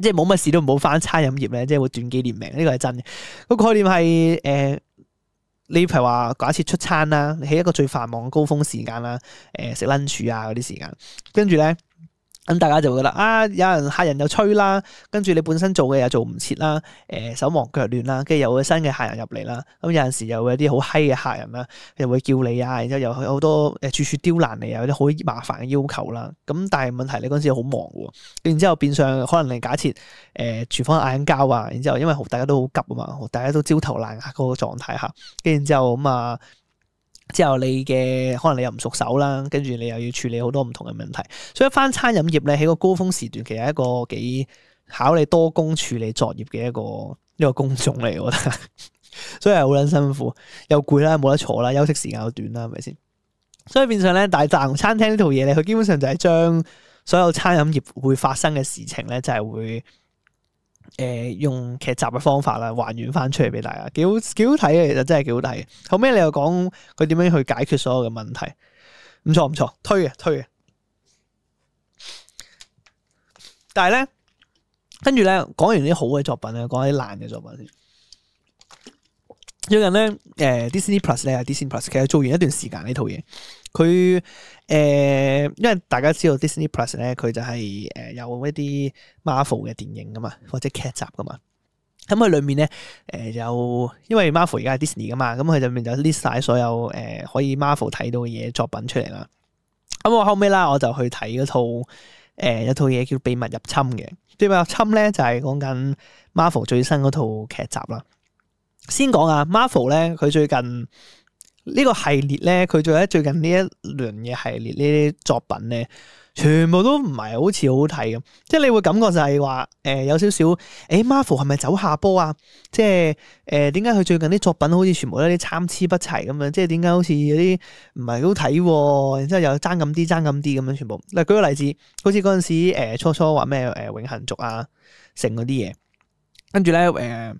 即係冇乜事都唔好返餐飲業咧，即係會短幾年命，呢個係真嘅。那個概念係誒、呃，你譬如話假設出餐啦，喺一個最繁忙嘅高峰時間啦，誒食 lunch 啊嗰啲時間，跟住咧。咁大家就會覺得啊，有人客人又催啦，跟住你本身做嘅又做唔切啦，誒、呃、手忙腳亂啦，跟住又會新嘅客人入嚟啦，咁、嗯、有陣時又會有啲好閪嘅客人啦，又會叫你啊，然之後又有好多誒、呃、處處刁難你啊，有啲好麻煩嘅要求啦。咁但係問題你嗰陣時好忙喎，跟住之後變相可能你假設誒廚、呃、房嗌緊交啊，然之後因為大家都好急啊嘛，大家都焦頭爛額嗰個狀態嚇，跟住之後咁、嗯、啊。之後你嘅可能你又唔熟手啦，跟住你又要處理好多唔同嘅問題，所以翻餐飲業咧喺個高峰時段，其實係一個幾考你多工處理作業嘅一個一個工種嚟，我覺得，所以係好捻辛苦，又攰啦，冇得坐啦，休息時間又短啦，係咪先？所以變相咧，大站餐廳呢套嘢咧，佢基本上就係將所有餐飲業會發生嘅事情咧，就係會。誒，用劇集嘅方法啦，還原翻出嚟俾大家，幾好，幾好睇嘅，其實真係幾好睇。後尾你又講佢點樣去解決所有嘅問題，唔錯唔錯，推啊推啊。但係咧，跟住咧，講完啲好嘅作品啊，講啲爛嘅作品先。最近咧，誒、呃、Disney Plus 咧，啊 Disney Plus 其實做完一段時間呢套嘢，佢誒、呃、因為大家知道 Disney Plus 咧，佢就係、是、誒、呃、有一啲 Marvel 嘅電影噶嘛，或者劇集噶嘛。咁佢裏面咧，誒、呃、有因為 Marvel 而家係 Disney 噶嘛，咁佢裏面就 list 曬所有誒、呃、可以 Marvel 睇到嘅嘢作品出嚟啦。咁、嗯、我後尾啦，我就去睇嗰套誒一套嘢、呃、叫秘《秘密入侵》嘅。秘密入侵咧，就係、是、講緊 Marvel 最新嗰套劇集啦。先講啊，Marvel 咧，佢最近呢個系列咧，佢做咧最近呢一輪嘅系列呢啲作品咧，全部都唔係好似好睇嘅，即係你會感覺就係話誒有少少，誒、欸、Marvel 係咪走下坡啊？即係誒點解佢最近啲作品好似全部都啲參差不齊咁樣？即係點解好似有啲唔係好睇，然之後又爭咁啲爭咁啲咁樣，全部嗱舉個例子，好似嗰陣時誒、呃、初初話咩誒永恒族啊，成嗰啲嘢，跟住咧誒。呃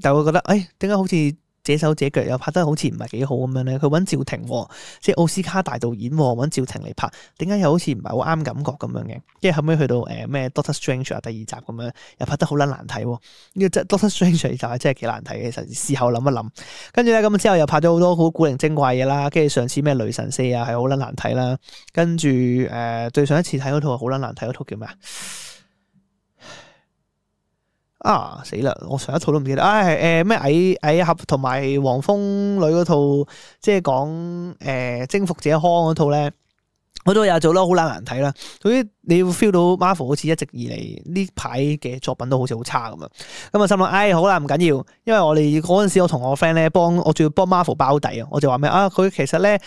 但係會覺得，誒、哎，點解好似這手這腳又拍得好似唔係幾好咁樣咧？佢揾趙婷、啊，即係奧斯卡大導演、啊，揾趙婷嚟拍，點解又好似唔係好啱感覺咁樣嘅？跟住後尾去到誒咩 Doctor Strange 啊，第二集咁樣又拍得好捻難睇、啊，呢、這個 Doctor Strange 集真係幾難睇嘅。其實事後諗一諗，跟住咧咁之後又拍咗好多好古靈精怪嘢啦。跟住上次咩雷神四啊，係好捻難睇啦。跟住誒，最上一次睇嗰套好捻難睇嗰套叫咩啊？啊死啦！我上一套都唔記得，唉誒咩矮矮俠同埋黃蜂女嗰套，即係講誒征服者康嗰套咧，我都有做啦，好難睇啦。總之你要 feel 到 Marvel 好似一直以嚟呢排嘅作品都好似、嗯哎、好差咁啊！咁啊心諗，唉好啦唔緊要，因為我哋嗰陣時我同我 friend 咧幫我仲要幫 Marvel 包底啊，我就話咩啊佢其實咧。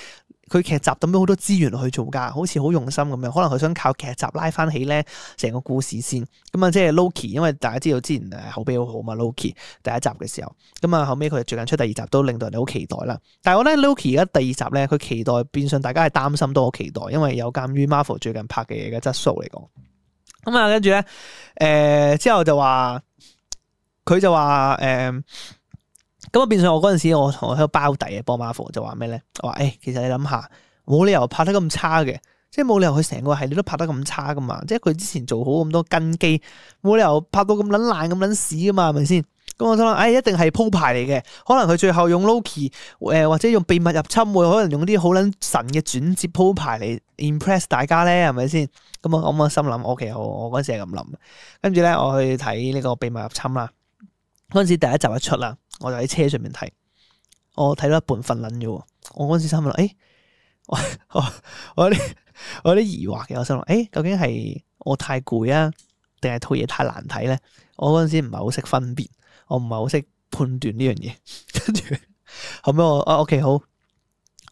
佢劇集抌咗好多資源去做㗎，好似好用心咁樣。可能佢想靠劇集拉翻起咧成個故事先。咁、嗯、啊，即係 Loki，因為大家知道之前係口碑好好嘛。Loki 第一集嘅時候，咁、嗯、啊後尾佢最近出第二集都令到人哋好期待啦。但係我咧 Loki 而家第二集咧，佢期待變相大家係擔心都好期待，因為有鑑於 Marvel 最近拍嘅嘢嘅質素嚟講，咁啊跟住咧，誒、呃、之後就話佢就話誒。呃咁啊，變相我嗰陣時，我同我喺個包底啊，幫馬父就話咩咧？我話誒，其實你諗下，冇理由拍得咁差嘅，即係冇理由佢成個系列都拍得咁差噶嘛？即係佢之前做好咁多根基，冇理由拍到咁撚爛咁撚屎啊嘛？係咪先？咁我心諗，誒、欸、一定係鋪排嚟嘅，可能佢最後用 Loki 誒、呃，或者用秘密入侵，可能用啲好撚神嘅轉接鋪排嚟 impress 大家咧，係咪先？咁啊，咁我心諗，O K，我其實我嗰陣時係咁諗。跟住咧，我去睇呢個秘密入侵啦。嗰陣時第一集一出啦。我就喺車上面睇，我睇到一半瞓撚咗。我嗰陣時心諗，誒、欸，我我，我，我有啲我有啲疑惑嘅，我心諗，誒、欸，究竟係我太攰 啊，定係套嘢太難睇咧？我嗰陣時唔係好識分別，我唔係好識判斷呢樣嘢。跟住，後尾我，哦，OK，好，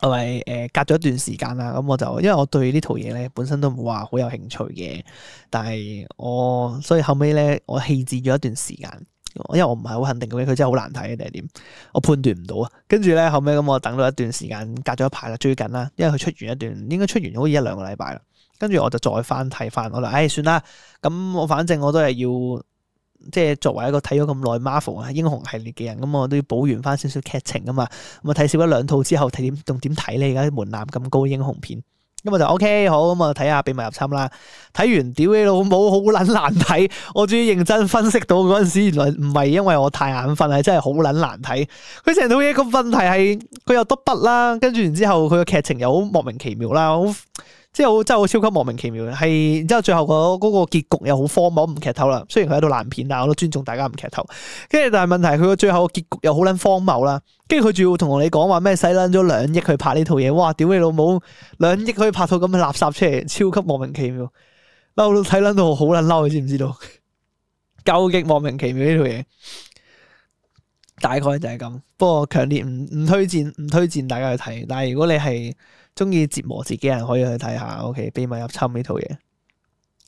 係咪？誒，隔咗一段時間啦，咁我就，因為我對呢套嘢咧，本身都冇話好有興趣嘅，但係我所以後尾咧，我棄置咗一段時間。因為我唔係好肯定嘅，佢真係好難睇定係點？我判斷唔到啊。跟住咧後尾咁，我等到一段時間，隔咗一排啦，最近啦，因為佢出完一段，應該出完好似一兩個禮拜啦。跟住我就再翻睇翻我啦。唉、哎，算啦，咁我反正我都係要，即係作為一個睇咗咁耐 Marvel 英雄系列嘅人，咁我都要補完翻少少劇情啊嘛。咁啊睇少咗兩套之後，睇點仲點睇咧？而家啲門檻咁高英雄片。因為、嗯、就 OK 好咁啊，睇下秘密入侵啦。睇完屌你老母，好撚難睇！我終於認真分析到嗰陣時，原來唔係因為我太眼瞓，係真係好撚難睇。佢成套嘢個問題係佢又得筆啦，跟住然之後佢個劇情又好莫名其妙啦，好。即係好，真係好超級莫名其妙嘅，係然之後最後個嗰個結局又好荒謬，唔劇透啦。雖然佢喺度爛片，但係我都尊重大家唔劇透。跟住但係問題佢個最後個結局又好捻荒謬啦。跟住佢仲要同你講話咩？使捻咗兩億去拍呢套嘢，哇！屌你老母，兩億可以拍套咁嘅垃圾出嚟，超級莫名其妙，嬲到睇捻到好捻嬲，你知唔知道？ 究極莫名其妙呢套嘢，大概就係咁。不過強烈唔唔推薦，唔推薦大家去睇。但係如果你係，中意折磨自己人可以去睇下，OK，秘密入侵呢套嘢，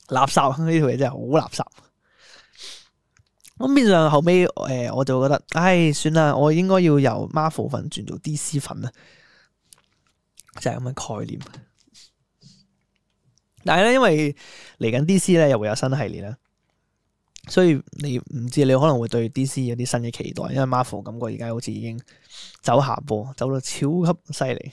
垃圾呢套嘢真係好垃圾。咁變相後尾誒、呃，我就覺得，唉、哎，算啦，我應該要由 Marvel 粉轉做 DC 粉啦，就係咁嘅概念。但係咧，因為嚟緊 DC 咧又會有新系列啦，所以你唔知你可能會對 DC 有啲新嘅期待，因為 Marvel 感覺而家好似已經走下坡，走到超級犀利。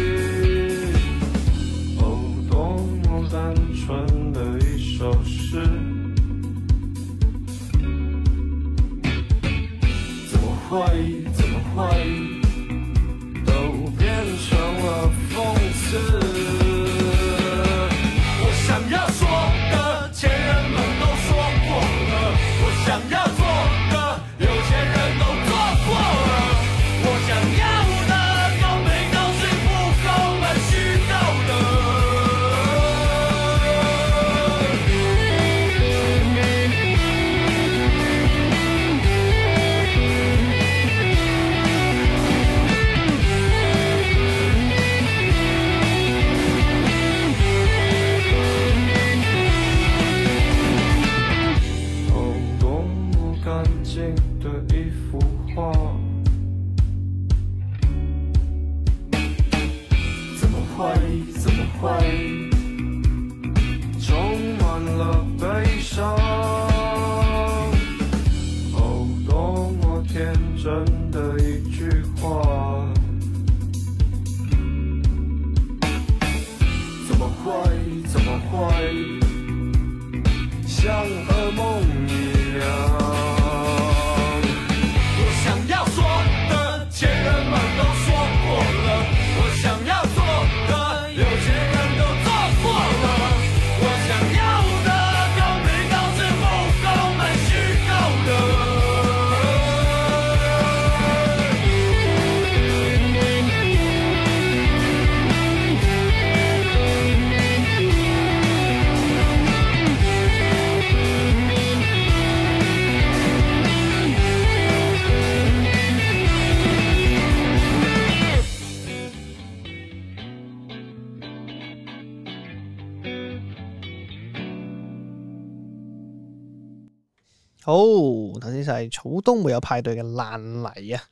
好，頭先就係草東沒有派對嘅爛泥啊，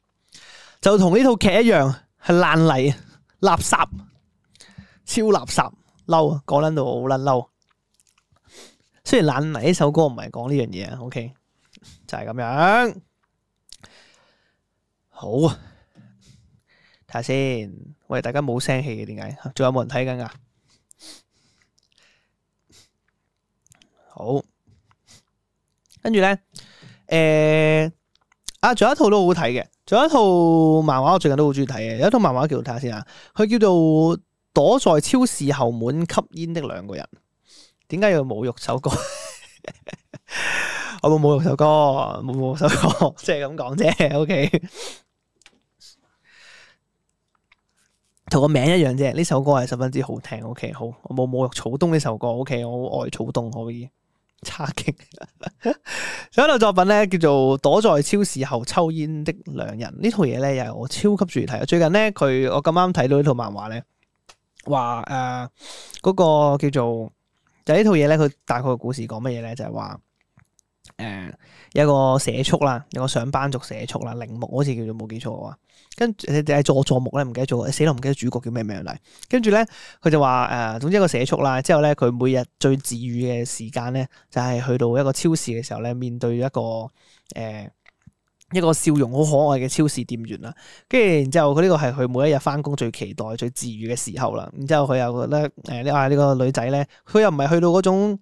就同呢套劇一樣，係爛泥，垃圾，超垃圾，嬲啊，講捻到好捻嬲。雖然爛泥呢首歌唔係講呢樣嘢啊，OK，就係咁樣。好啊，睇下先，喂，大家冇聲氣嘅點解？仲有冇人睇緊噶？好。跟住咧，誒、欸，啊，仲有一套都好好睇嘅，仲有一套漫畫我最近都好中意睇嘅，有一套漫畫叫睇下先啊，佢叫做躲在超市後門吸煙的兩個人，點解要侮辱首歌？ 我冇侮辱首歌，冇侮辱首歌，即係咁講啫。O K，同個名一樣啫，呢首歌係十分之好聽。O、okay? K，好，我冇侮辱草東呢首歌。O、okay? K，我好愛草東可以。差勁，仲有 一套作品咧，叫做《躲在超市後抽煙的兩人》，套呢套嘢咧又係我超級鍾意睇啊！最近咧佢，我咁啱睇到呢套漫畫咧，話誒嗰個叫做就是、套呢套嘢咧佢大概嘅故事講乜嘢咧就係、是、話。誒，嗯、有一個社畜啦，有一個上班族社畜啦，鈴木，好似叫做冇記錯啊，跟住誒佐佐木咧，唔記得做，死咯，唔記得主角叫咩名嚟。跟住咧，佢就話誒、呃，總之一個社畜啦，之後咧，佢每日最治癒嘅時間咧，就係、是、去到一個超市嘅時候咧，面對一個誒、呃、一個笑容好可愛嘅超市店員啦。跟住然之後，佢呢個係佢每一日翻工最期待、最治癒嘅時候啦。然之後佢又覺得誒，呢、呃、啊呢、這個女仔咧，佢又唔係去到嗰種。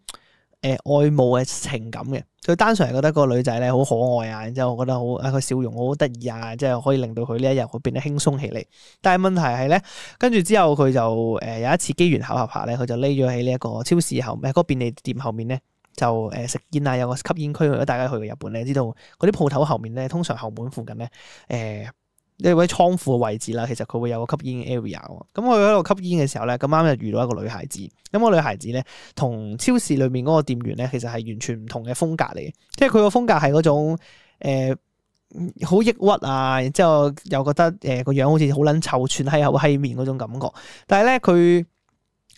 誒、呃、愛慕嘅情感嘅，佢單純係覺得個女仔咧好可愛啊，然之後我覺得好啊，個笑容好得意啊，即係可以令到佢呢一日會變得輕鬆起嚟。但係問題係咧，跟住之後佢就誒、呃、有一次機緣巧合下咧，佢就匿咗喺呢一個超市後咩嗰、呃那個、便利店後面咧，就誒、呃、食煙啊，有個吸煙區。如果大家去過日本咧，知道嗰啲鋪頭後面咧，通常後門附近咧誒、呃你位倉庫嘅位置啦，其實佢會有個吸煙 area，咁佢喺度吸煙嘅時候咧，咁啱就遇到一個女孩子，咁、嗯，嗰個女孩子咧同超市裏面嗰個店員咧，其實係完全唔同嘅風格嚟嘅，即係佢個風格係嗰種好、呃、抑鬱啊，然之後又覺得誒個、呃、樣好似好撚臭串係又氣面嗰種感覺，但係咧佢。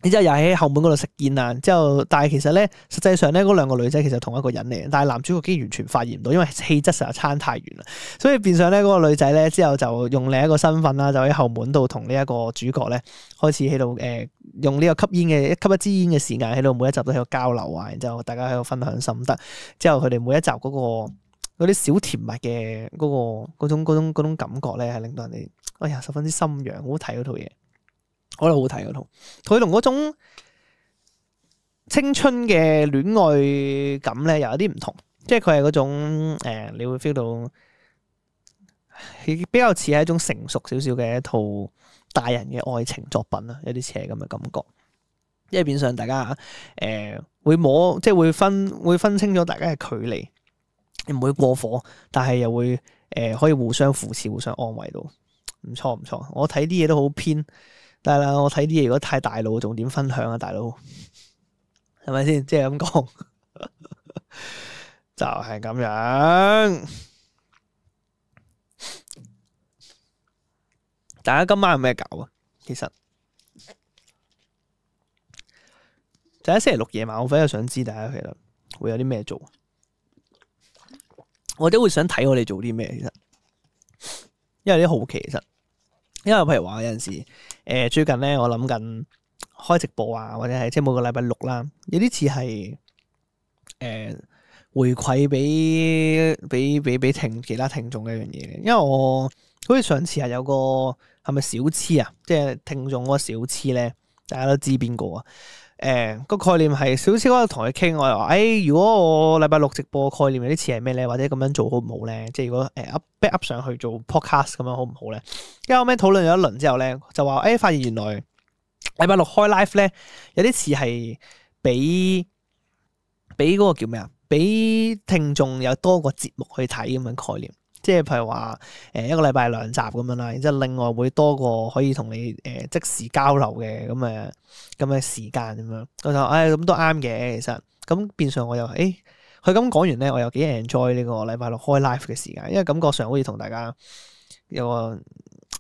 然之後又喺後門嗰度食煙啊！之後，但係其實咧，實際上咧，嗰兩個女仔其實同一個人嚟嘅，但係男主角竟然完全發現唔到，因為氣質實在差太遠啦。所以變相咧，嗰個女仔咧之後就用另一個身份啦，就喺後門度同呢一個主角咧開始喺度誒，用呢個吸煙嘅吸一支煙嘅時間喺度，每一集都喺度交流啊！然之後大家喺度分享心得，之後佢哋每一集嗰個嗰啲小甜蜜嘅嗰個嗰種嗰種嗰種感覺咧，係令到人哋哎呀十分之心癢，好睇嗰套嘢。可能好睇嗰套，佢同嗰種青春嘅戀愛感咧，又有啲唔同，即係佢係嗰種誒、呃，你會 feel 到比較似係一種成熟少少嘅一套大人嘅愛情作品啦，有啲似係咁嘅感覺。即係變相大家誒、呃、會摸，即係會分會分清楚大家嘅距離，唔會過火，但係又會誒、呃、可以互相扶持、互相安慰到，唔錯唔錯。我睇啲嘢都好偏。係啦，但我睇啲嘢如果太大路，仲點分享啊？大佬係咪先？即係咁講，就係、是、咁樣， 樣。大家今晚有咩搞啊？其實就喺、是、星期六夜晚，我非常想知大家其實會有啲咩做。我都會想睇我哋做啲咩，其實因為啲好奇，其實。因為譬如話有陣時，誒、呃、最近咧我諗緊開直播啊，或者係即係每個禮拜六啦，有啲似係誒回饋俾俾俾俾聽其他聽眾嘅一樣嘢。因為我好似上次係有個係咪小痴啊，即係聽眾嗰個小痴咧，大家都知邊個啊。誒、嗯那個概念係，小超我同佢傾，我又話，誒、哎、如果我禮拜六直播概念有啲似係咩咧？或者咁樣做好唔好咧？即係如果誒 up、呃、up 上去做 podcast 咁樣好唔好咧？跟住後尾討論咗一輪之後咧，就話，誒、哎、發現原來禮拜六開 live 咧，有啲似係畀畀嗰個叫咩啊？畀聽眾有多個節目去睇咁樣概念。即係譬如話誒一個禮拜兩集咁樣啦，然之後另外會多個可以同你誒即時交流嘅咁誒咁嘅時間咁樣，我就唉，咁都啱嘅其實，咁變相我、哎，我又誒佢咁講完咧，我又幾 enjoy 呢個禮拜六開 live 嘅時間，因為感覺上好似同大家有個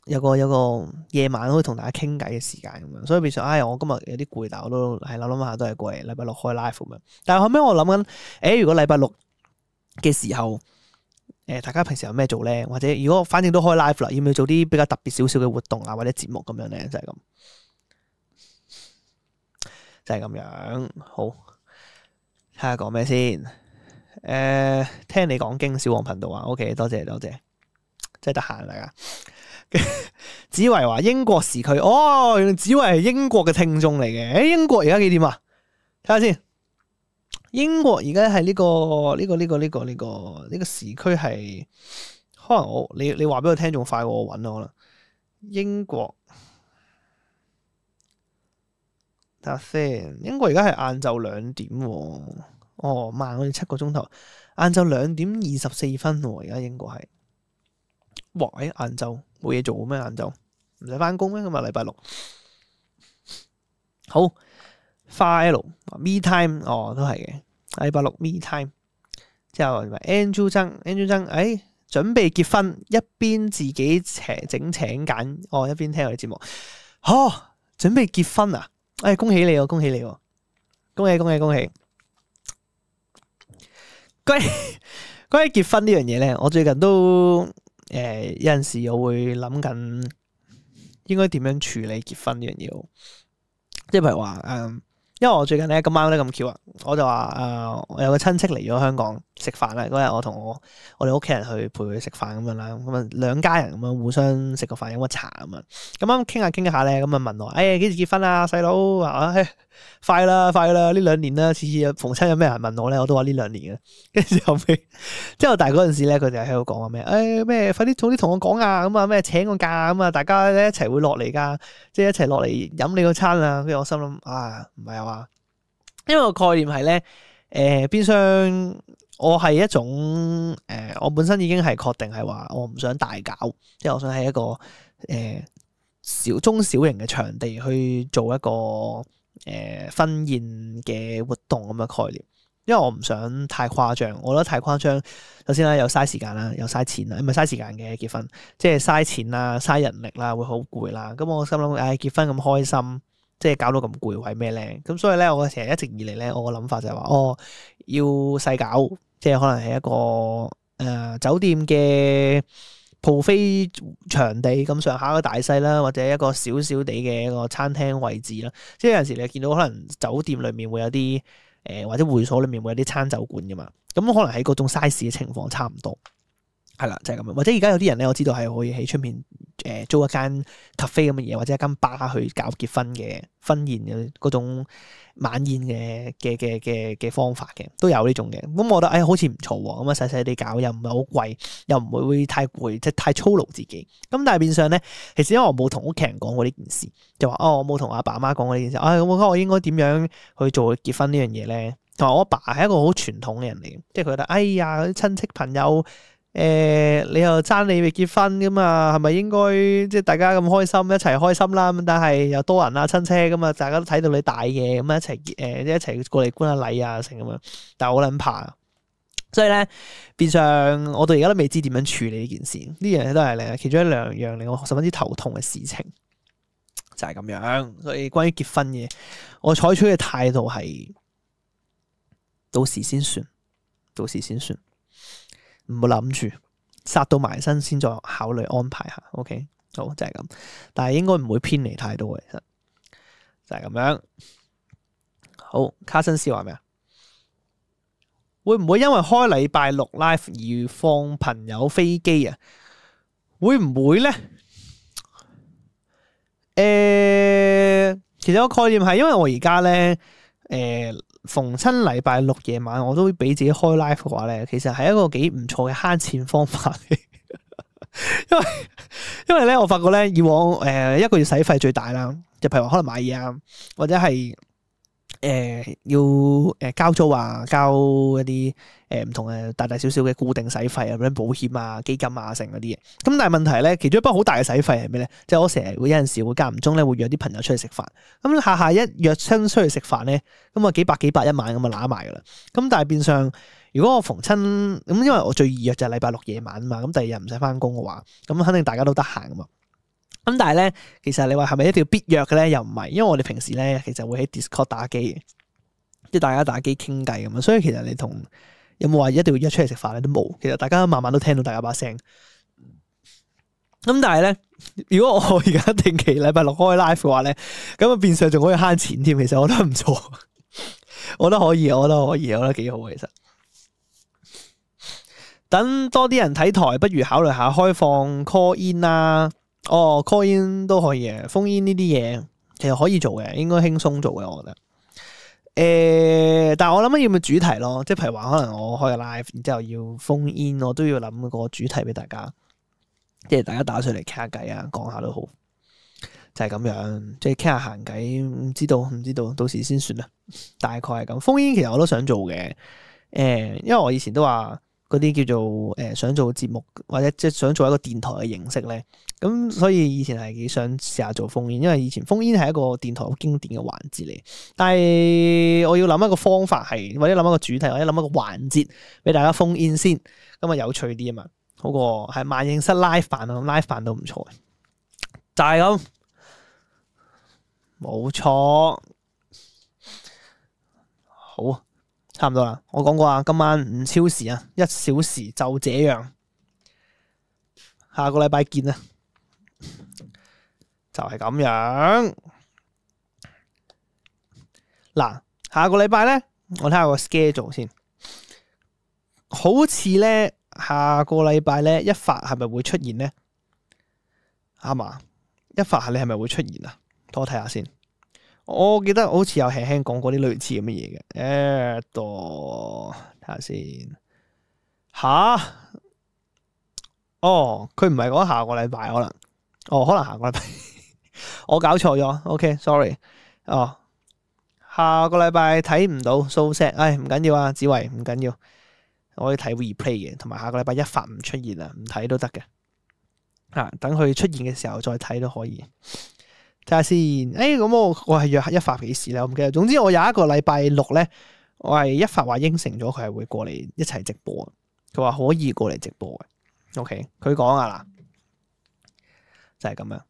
有個有個夜晚可以同大家傾偈嘅時間咁樣，所以變相，哎我今日有啲攰，但我都係諗諗下都係過嚟禮拜六開 live 咁樣，但係後尾我諗緊誒如果禮拜六嘅時候。誒，大家平時有咩做呢？或者如果反正都開 live 啦，要唔要做啲比較特別少少嘅活動啊，或者節目咁樣呢？就係咁，就係咁樣。好，睇下講咩先。誒、呃，聽你講經，小王頻道啊。OK，多謝多謝，真係得閒大家。 紫維話英國時區，哦，紫維係英國嘅聽眾嚟嘅。誒，英國而家幾點啊？睇下先。英國而家係呢個呢個呢個呢個呢個呢個時區係，可能我你你話俾我聽仲快過我搵我啦。英國，睇下先。英國而家係晏晝兩點，哦，慢咗七個鐘頭。晏晝兩點二十四分，而家英國係。哇！喺晏晝冇嘢做咩？晏晝唔使翻工咩？今日禮拜六。好。花 L，me time 哦，都係嘅。禮拜六 me time，之後 Angel 曾，Angel 曾，Andrew Zhang, Andrew Zhang, 哎，準備結婚，一邊自己請整請柬，哦，一邊聽我哋節目。哦，準備結婚啊，哎，恭喜你哦，恭喜你哦，恭喜恭喜、哦、恭喜。恭喜恭喜 關關於結婚呢樣嘢咧，我最近都誒、呃、有陣時我會諗緊，應該點樣處理結婚呢樣嘢，即係譬如話嗯。呃因為我最近咧，今晚都咁巧啊，我就話誒、呃，我有個親戚嚟咗香港食飯啦。嗰日我同我我哋屋企人去陪佢食飯咁樣啦，咁啊兩家人咁樣互相食個飯飲個茶咁樣。咁啱傾下傾下咧，咁啊問我誒哎、幾時結婚啊，細佬話啊？哎快啦，快啦！呢兩年啦，次次逢親有咩人問我咧，我都話呢兩年嘅。跟住後尾，之後大嗰陣時咧，佢哋喺度講話咩？誒、哎、咩？快啲，早啲同我講啊！咁啊咩？請個假咁啊，大家咧一齊會落嚟噶，即係一齊落嚟飲你個餐啊！跟住我心諗啊，唔係話，因為個概念係咧，誒、呃，邊箱我係一種誒、呃，我本身已經係確定係話我唔想大搞，即係我想喺一個誒、呃、小中小型嘅場地去做一個。誒，婚宴嘅活動咁嘅概念，因為我唔想太誇張，我覺得太誇張，首先咧又嘥時間啦，又嘥錢啦，唔係嘥時間嘅結婚，即係嘥錢啦，嘥人力啦，會好攰啦。咁我心諗，唉，結婚咁開心，即係搞到咁攰，為咩咧？咁所以咧，我成日一直以嚟咧，我個諗法就係話，哦，要細搞，即係可能係一個誒酒店嘅。鋪飛場地咁上下嘅大細啦，或者一個小小地嘅一個餐廳位置啦，即係有陣時你見到可能酒店裏面會有啲誒、呃，或者會所裏面會有啲餐酒館噶嘛，咁、嗯、可能喺嗰種 size 嘅情況差唔多。係啦，就係、是、咁樣，或者而家有啲人咧，我知道係可以喺出面誒租一間咖啡咁嘅嘢，或者一間吧去搞結婚嘅婚宴嘅嗰種晚宴嘅嘅嘅嘅嘅方法嘅，都有呢種嘅。咁、嗯、我覺得，哎好似唔錯喎，咁啊細細地搞又唔係好貴，又唔會太攰，即係太操勞自己。咁、嗯、但係變相咧，其實因為我冇同屋企人講過呢件事，就話哦，我冇同阿爸阿媽講過呢件事。我哎，覺得我應該點樣去做結婚呢樣嘢咧？同埋我阿爸係一個好傳統嘅人嚟嘅，即係佢覺得：哎呀，啲親戚朋友。誒、呃，你又爭你未結婚咁啊？係咪應該即係大家咁開心一齊開心啦？咁但係又多人啊，親戚咁啊，大家都睇到你大嘅咁一齊誒，一齊、呃、過嚟觀下禮啊成咁樣，但係好撚怕，所以咧，變相我到而家都未知點樣處理呢件事，呢樣嘢都係其中一兩樣令我十分之頭痛嘅事情，就係、是、咁樣。所以關於結婚嘅，我採取嘅態度係到時先算，到時先算。唔好諗住，殺到埋身先再考慮安排下。OK，好就係、是、咁，但係應該唔會偏離太多嘅，其實就係咁樣。好，卡森斯話咩啊？會唔會因為開禮拜六 live 而放朋友飛機啊？會唔會呢？誒、呃，其實個概念係因為我而家呢。誒、呃。逢親禮拜六夜晚，我都會俾自己開 live 嘅話咧，其實係一個幾唔錯嘅慳錢方法。 因為因為咧，我發覺咧以往誒、呃、一個月使費最大啦，就譬如話可能買嘢啊，或者係。誒、呃，要誒交租啊，交一啲誒唔同嘅大大小小嘅固定使費啊，保險啊、基金啊，成嗰啲嘢。咁但係問題咧，其中一筆好大嘅使費係咩咧？即、就、係、是、我成日會有陣時會間唔中咧，會約啲朋友出去食飯。咁下下一約親出去食飯咧，咁、嗯、啊幾百幾百一晚咁啊揦埋噶啦。咁但係變相如果我逢親咁，因為我最易約就係禮拜六夜晚啊嘛，咁第二日唔使翻工嘅話，咁、嗯、肯定大家都得閒噶嘛。咁但係咧，其實你話係咪一定要必約嘅咧？又唔係，因為我哋平時咧，其實會喺 Discord 打機，即係大家打機傾偈咁啊。所以其實你同有冇話一定要約出嚟食飯咧？都冇。其實大家慢慢都聽到大家把聲。咁但係咧，如果我而家定期禮拜六開 live 嘅話咧，咁啊變相仲可以慳錢添。其實我覺得唔錯， 我覺得可以，我覺得可以，我覺得幾好。其實等多啲人睇台，不如考慮下開放 call in 啊。啦哦，call in 都可以嘅，封煙呢啲嘢其實可以做嘅，應該輕鬆做嘅，我覺得。誒、欸，但係我諗緊要唔要主題咯，即係譬如話可能我開個 live，然之後要封煙，我都要諗個主題俾大家，即係大家打出嚟傾下偈啊，講下都好。就係、是、咁樣，即係傾下閒偈，唔知道唔知道，到時先算啦。大概係咁，封煙其實我都想做嘅。誒、欸，因為我以前都話。嗰啲叫做誒、呃、想做節目，或者即係想做一個電台嘅形式咧。咁所以以前係幾想試下做烽煙，因為以前烽煙係一個電台好經典嘅環節嚟。但係我要諗一個方法，係或者諗一個主題，或者諗一個環節俾大家烽煙先，咁啊有趣啲啊嘛。好過喺萬應室拉飯啊，拉飯都唔錯，就係、是、咁，冇錯，好差唔多啦，我講過啊，今晚唔超時啊，一小時就這樣。下個禮拜見啊，就係咁樣。嗱，下個禮拜咧，我睇下個 schedule 先。好似咧，下個禮拜咧一發係咪會出現呢？啱嘛？一發你係咪會出現啊？等我睇下先。我記得我好似有輕輕講過啲類似咁嘅嘢嘅，誒，多睇下先。吓，哦，佢唔係講下個禮拜可能，哦，可能下個禮拜， 我搞錯咗，OK，sorry，okay，哦，下個禮拜睇唔到，so sad，唉，哎，唔緊要啊，子維，唔緊要，我可以睇 replay 嘅，同埋下個禮拜一發唔出現啊，唔睇都得嘅，吓，等佢出現嘅時候再睇都可以。睇下先看看，誒、哎，咁我我係約一發幾時咧？我唔記得。總之我有一個禮拜六咧，我係一發話應承咗佢係會過嚟一齊直播。佢話可以過嚟直播嘅。OK，佢講啊啦，就係、是、咁樣。誒、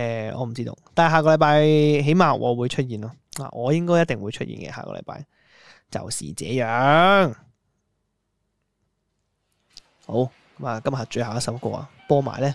呃，我唔知道，但係下個禮拜起碼我會出現咯。嗱，我應該一定會出現嘅。下個禮拜就是這樣。好，咁啊，今日最後一首歌啊，播埋咧。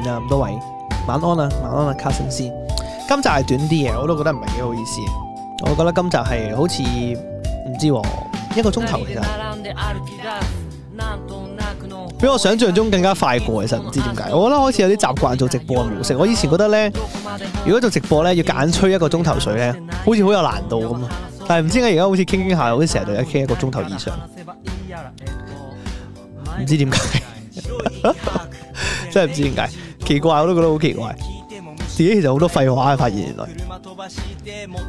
咁多位晚安啦，晚安啦、啊啊，卡神斯。今集係短啲嘅，我都覺得唔係幾好意思。我覺得今集係好似唔知、哦、一個鐘頭，其實比我想象中更加快過。其實唔知點解，我覺得好似有啲習慣做直播嘅模式。我以前覺得咧，如果做直播咧，要硬吹一個鐘頭水咧，好似好有難度咁啊。但係唔知點解，而家好似傾傾下，好似成日都一傾一個鐘頭以上，唔知點解， 真係唔知點解。奇怪，我都覺得好奇怪。自己其實好多廢話嘅發現，原來。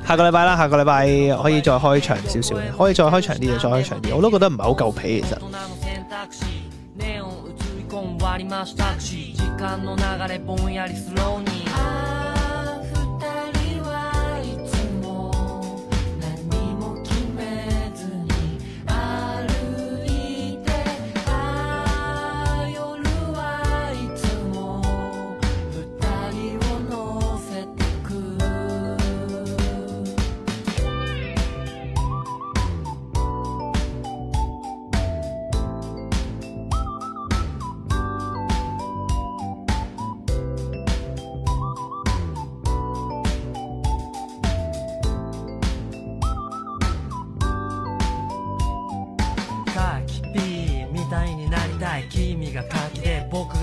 下個禮拜啦，下個禮拜可以再開長少少，可以再開長啲嘢，再開長啲。我都覺得唔係好夠皮，其實。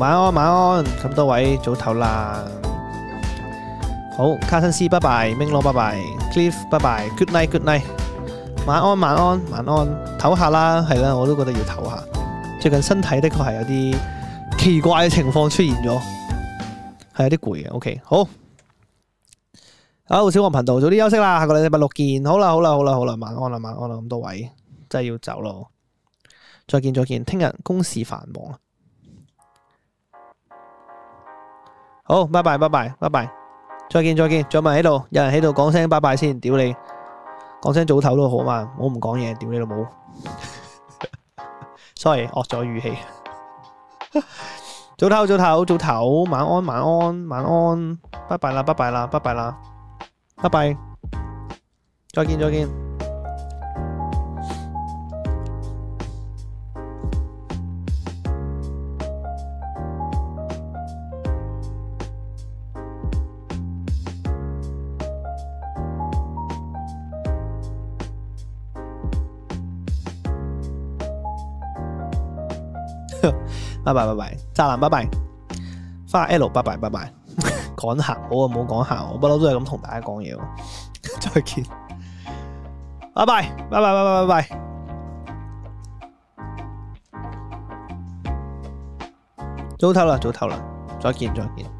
晚安，晚安，咁多位早唞啦。好，卡森斯，拜拜，明龍，拜拜，Cliff，拜拜，Good night，Good night，晚安，晚安，晚安，唞下啦，係啦，我都覺得要唞下。最近身體的確係有啲奇怪嘅情況出現咗，係有啲攰嘅。OK，好，好，小王頻道，早啲休息啦，下個禮拜六見。好啦，好啦，好啦，好啦，晚安啦，晚安啦，咁多位真係要走咯。再見，再見，聽日公事繁忙。好，拜拜，拜拜，拜拜，再見，再見，仲有喺度？有人喺度講聲拜拜先，屌你，講聲早唞都好啊嘛，唔好唔講嘢，屌你老母 ，sorry，惡咗語氣， 早唞，早唞，早唞，晚安晚安晚安，拜拜啦拜拜啦拜拜啦，拜拜，拜，拜，再見再見。拜拜拜拜，bye bye。渣男拜拜，花 L 拜拜拜拜。趕客我又冇趕客，我不嬲都係咁同大家講嘢， 再見，拜拜拜拜拜拜拜拜，早唞啦早唞啦，再見再見。